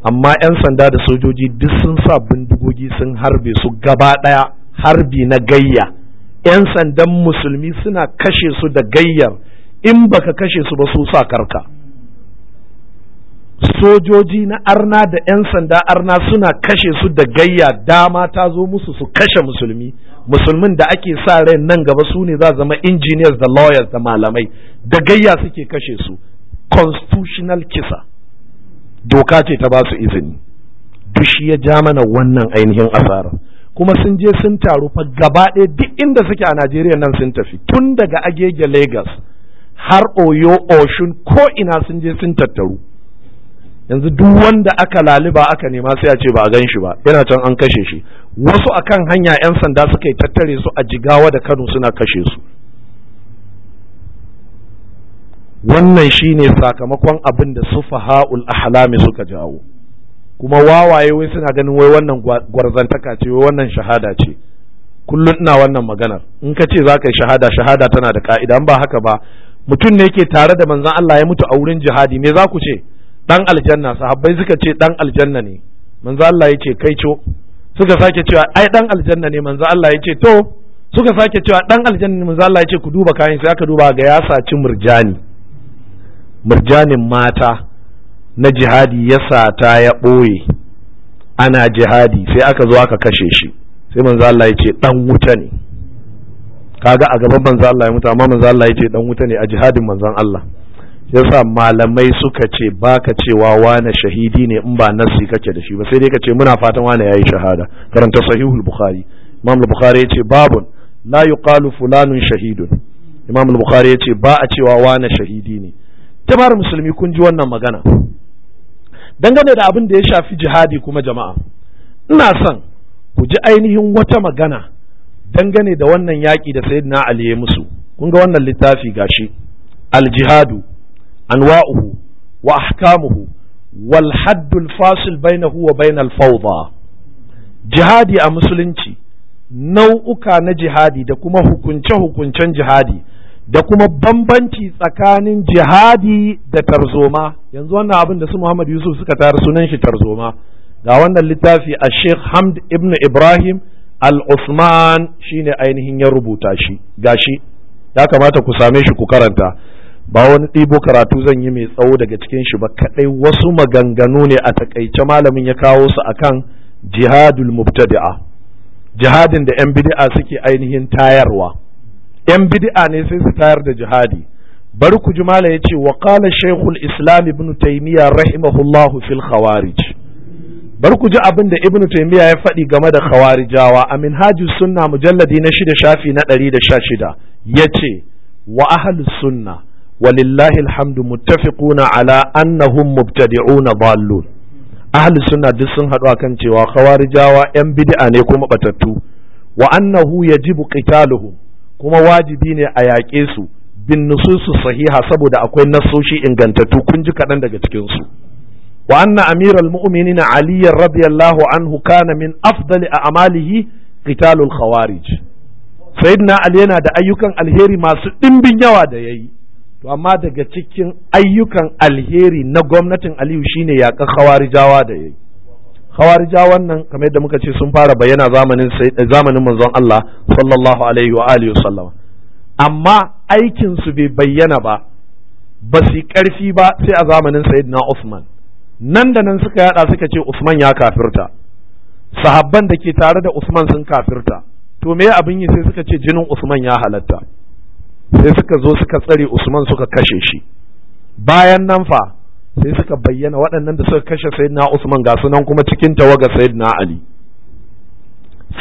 Speaker 1: amma 'yan sanda da sojoji duk sun sa bindigogi sun harbe su gaba ɗaya harbi na gayya 'yan sandan musulmi suna kashe su da gayyar in baka kashe su ba su sa karka sojoji na arna da 'yan sanda arna suna kashe su da gayya dama ta zo musu su kashe musulmi musulmin da ake sa rai nan gaba su ne za zama engineers da lawyers da malamai da gayya suke kashe su constitutional kisa doka ce ta ba su izini dushi ya ja mana wannan ainihin asara kuma sun je sun taru fa gaba ɗaya duk inda suke a Najeriya nan sun tafi tun daga agege Lagos har Oyo Oshun ko ina sun je sun tattaru yanzu duk wanda aka laliba aka nema sai a ce ba a gan shi ba yana can an kashe shi wasu akan hanya 'yan sanda suka yi tattare su a jigawa da kano suna kashe su wannan shi ne sakamakon abin da sufaha'ul ahlami suka jawo kuma wawaye wai suna ganin wai wannan gwarzantaka ce wai wannan shahada ce kullum ina wannan maganar in ka ce za ka yi shahada shahada tana da ka'ida ba haka ba mutum ne yake tare da manzon Allah ya mutu a wurin jihadi me za ku ce dan aljanna sahabbai suka ce dan aljanna ne manzo Allah ya ce kai co suka sake cewa ai dan aljanna ne manzo Allah ya ce to suka sake cewa dan aljanna ne manzo Allah ya ce ku duba kayan sai aka duba ga ya saci murjani murjanin mata na jihadi ya sata ya ɓoye ana jihadi sai aka zo aka kashe shi sai manzo Allah ya ce dan wuta ne kaga a gaban manzo Allah ya mutu amma manzo Allah ya ce dan wuta ne a jihadin manzon Allah yasa malamai suka ce baka cewa wane shahidi ne in ba nasi kake da shi ba sai dai ka ce muna fatan wane yayi shahada karanta sahihul bukhari imam al bukhari yace babu la yuqalu fulanun shahidun imam al bukhari yace ba a cewa wane shahidi ne jama'ar musulmi kun ji wannan magana dangane da abin da ya shafi jihadi kuma jama'a ina son ku ji ainihin wata magana dangane da wannan yaƙi da sayyidina ali musu kun ga wannan littafi gashi al-jihadu anwa'uhu wa ahkamuhu wal haddul fasil bainahu wa bainal fawda jihadi a musulunci nau'uka na jihadi da kuma hukunce-hukuncen jihadi da kuma bambanci tsakanin jihadi da tarzoma yanzu wannan abin da su Muhammad Yusuf suka tayar sunan shi tarzoma ga wannan littafi a Sheikh Hamd ibnu Ibrahim al-Usman shine ainihin ya rubuta shi gashi ya kamata ku same shi ku karanta ba wani ɗibo karatu zan yi mai tsawo daga cikin shi ba kaɗai wasu maganganu ne a taƙaice malamin ya kawo su akan jihadul mubtadi'a jihadin da 'yan bid'a suke ainihin tayarwa 'yan bid'a ne sai su tayar da jihadi bari ku ji ya yace wa qala shaykhul islam ibn taymiya rahimahullahu fil khawarij bari ku ji abin da ibn taymiya ya faɗi game da khawarijawa a minhajus sunna mujalladi na shida shafi na 116 yace wa ahlus sunna walillahi alhamdu muttafiquna ala annahum mubtadi'una dallun ahli suna duk sun a kan cewa khawarijawa yan bid'a ne kuma batattu wa annahu yajibu qitaluhum kuma wajibi ne a yaƙe su bin nususu sahiha saboda akwai nasoshi ingantattu kun ji kaɗan daga cikin su wa anna amiral mu'minin ali radiyallahu anhu kana min afdali a amalihi qitalul khawarij sayyidina ali yana da ayyukan alheri masu ɗimbin yawa da yayi to amma daga cikin ayyukan alheri na gwamnatin aliyu shine yakan khawarijawa da yayi hawarijawan nan kamar yadda muka ce sun fara bayyana zamanin eh, zamanin manzon Allah sallallahu alaihi wa alihi amma aikin su bai bayyana ba ba su karfi ba sai a zamanin sayyidina Uthman nan da nan suka yada suka ce Uthman ya kafirta sahabban da ke tare da Uthman sun kafirta to me abin yi sai suka ce jinin Uthman ya halatta sai suka zo suka tsare usman suka kashe shi bayan nan fa sai suka bayyana waɗannan da suka kashe sayyidina usman ga sunan kuma cikin tawaga sayyidina ali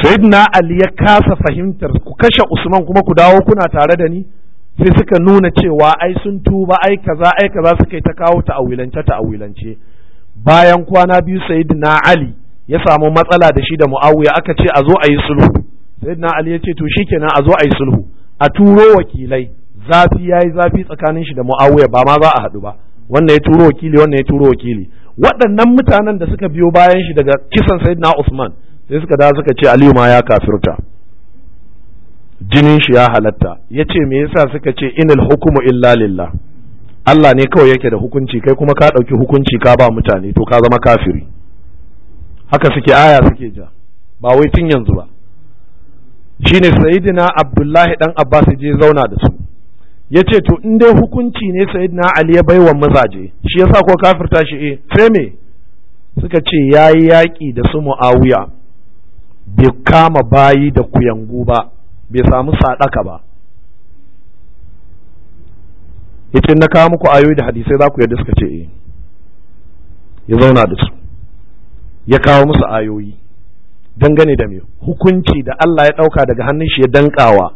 Speaker 1: sayyidina ali ya kasa fahimtar ku kashe usman kuma ku dawo kuna tare da ni sai suka nuna cewa ai sun tuba ai kaza ai kaza suka yi ta kawo ta awilance bayan kwana biyu sayyidina ali ya samu matsala da shi da muawiya aka ce a zo a yi sulhu sayyidina ali ya ce to shikenan a zo a yi sulhu a turo wakilai zafi yayi zafi tsakanin shi da muawiya ba ma za a haɗu ba wannan ya turo wakili wannan ya turo wakili waɗannan mutanen da suka biyo bayan shi daga kisan sayyidina usman sai suka da suka ce aliyu ma ya kafirta jinin shi ya halatta ya ce me yasa suka ce inal hukumu illa lillah Allah ne kawai yake da hukunci kai kuma ka ɗauki hukunci ka ba mutane to ka zama kafiri haka suke aya suke ja ba wai tun yanzu ba Shi ne sayidina abdullahi ɗan abbas je zauna da su Ya ce to in dai hukunci ne sayidina ali ya baiwa mazaje shi yasa ko kafirta shi eh sai me suka ce ya yi yaƙi da su muawiya bai kama bayi da kuyangu ba bai samu sadaka ba Ya ce na kawo muku ayoyi da hadisai za ku yadda suka ce eh ya zauna da su ya kawo musu ayoyi dangane da me hukunci da Allah ya ɗauka daga hannun shi ya dankawa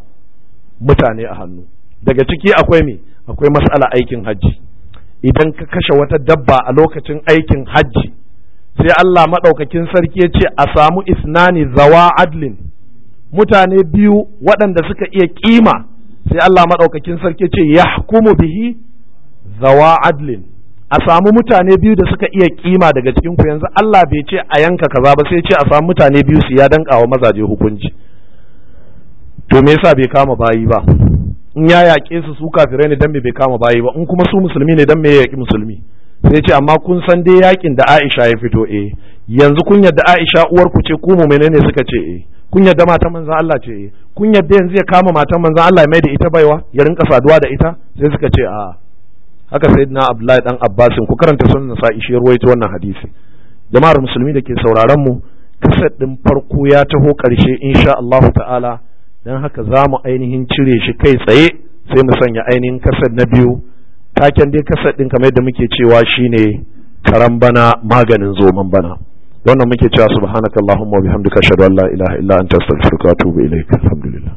Speaker 1: mutane a hannu daga ciki akwai me akwai mas'ala aikin hajji idan ka kashe wata dabba a lokacin aikin hajji sai Allah maɗaukakin sarki ya ce a samu isnani zawa adlin mutane biyu waɗanda suka iya kima sai Allah maɗaukakin sarki ya ce yahkumu bihi zawa adlin a samu mutane biyu da suka iya kima daga cikin ku yanzu Allah bai ce a yanka kaza ba sai ce a samu mutane biyu su ya danka wa mazaje hukunci to me yasa bai kama bayi ba in ya yaƙe su su kafirai ne dan me bai kama bayi ba in kuma su musulmi ne dan me ya yaƙi musulmi sai ce amma kun san dai yakin da Aisha ya fito eh yanzu kun yadda Aisha uwar ku ce ku mu menene suka ce eh kun yadda matan manzon Allah ce eh kun yadda yanzu ya kama matan manzon Allah ya mai da ita baiwa ya rinka saduwa da ita sai suka ce a'a haka sai na abdullahi dan abbasin ku karanta sunan sa ishe ruwaito wannan hadisi jama'ar musulmi da ke sauraron mu kasad din farko ya taho karshe insha Allah ta'ala dan haka za mu ainihin cire shi kai tsaye sai mu sanya ainihin kasad na biyu taken dai kasad din kamar yadda muke cewa shine karan bana maganin zoman bana wannan muke cewa subhanakallahumma wa bihamdika ashhadu an la ilaha illa anta astaghfiruka wa atubu ilaik alhamdulillah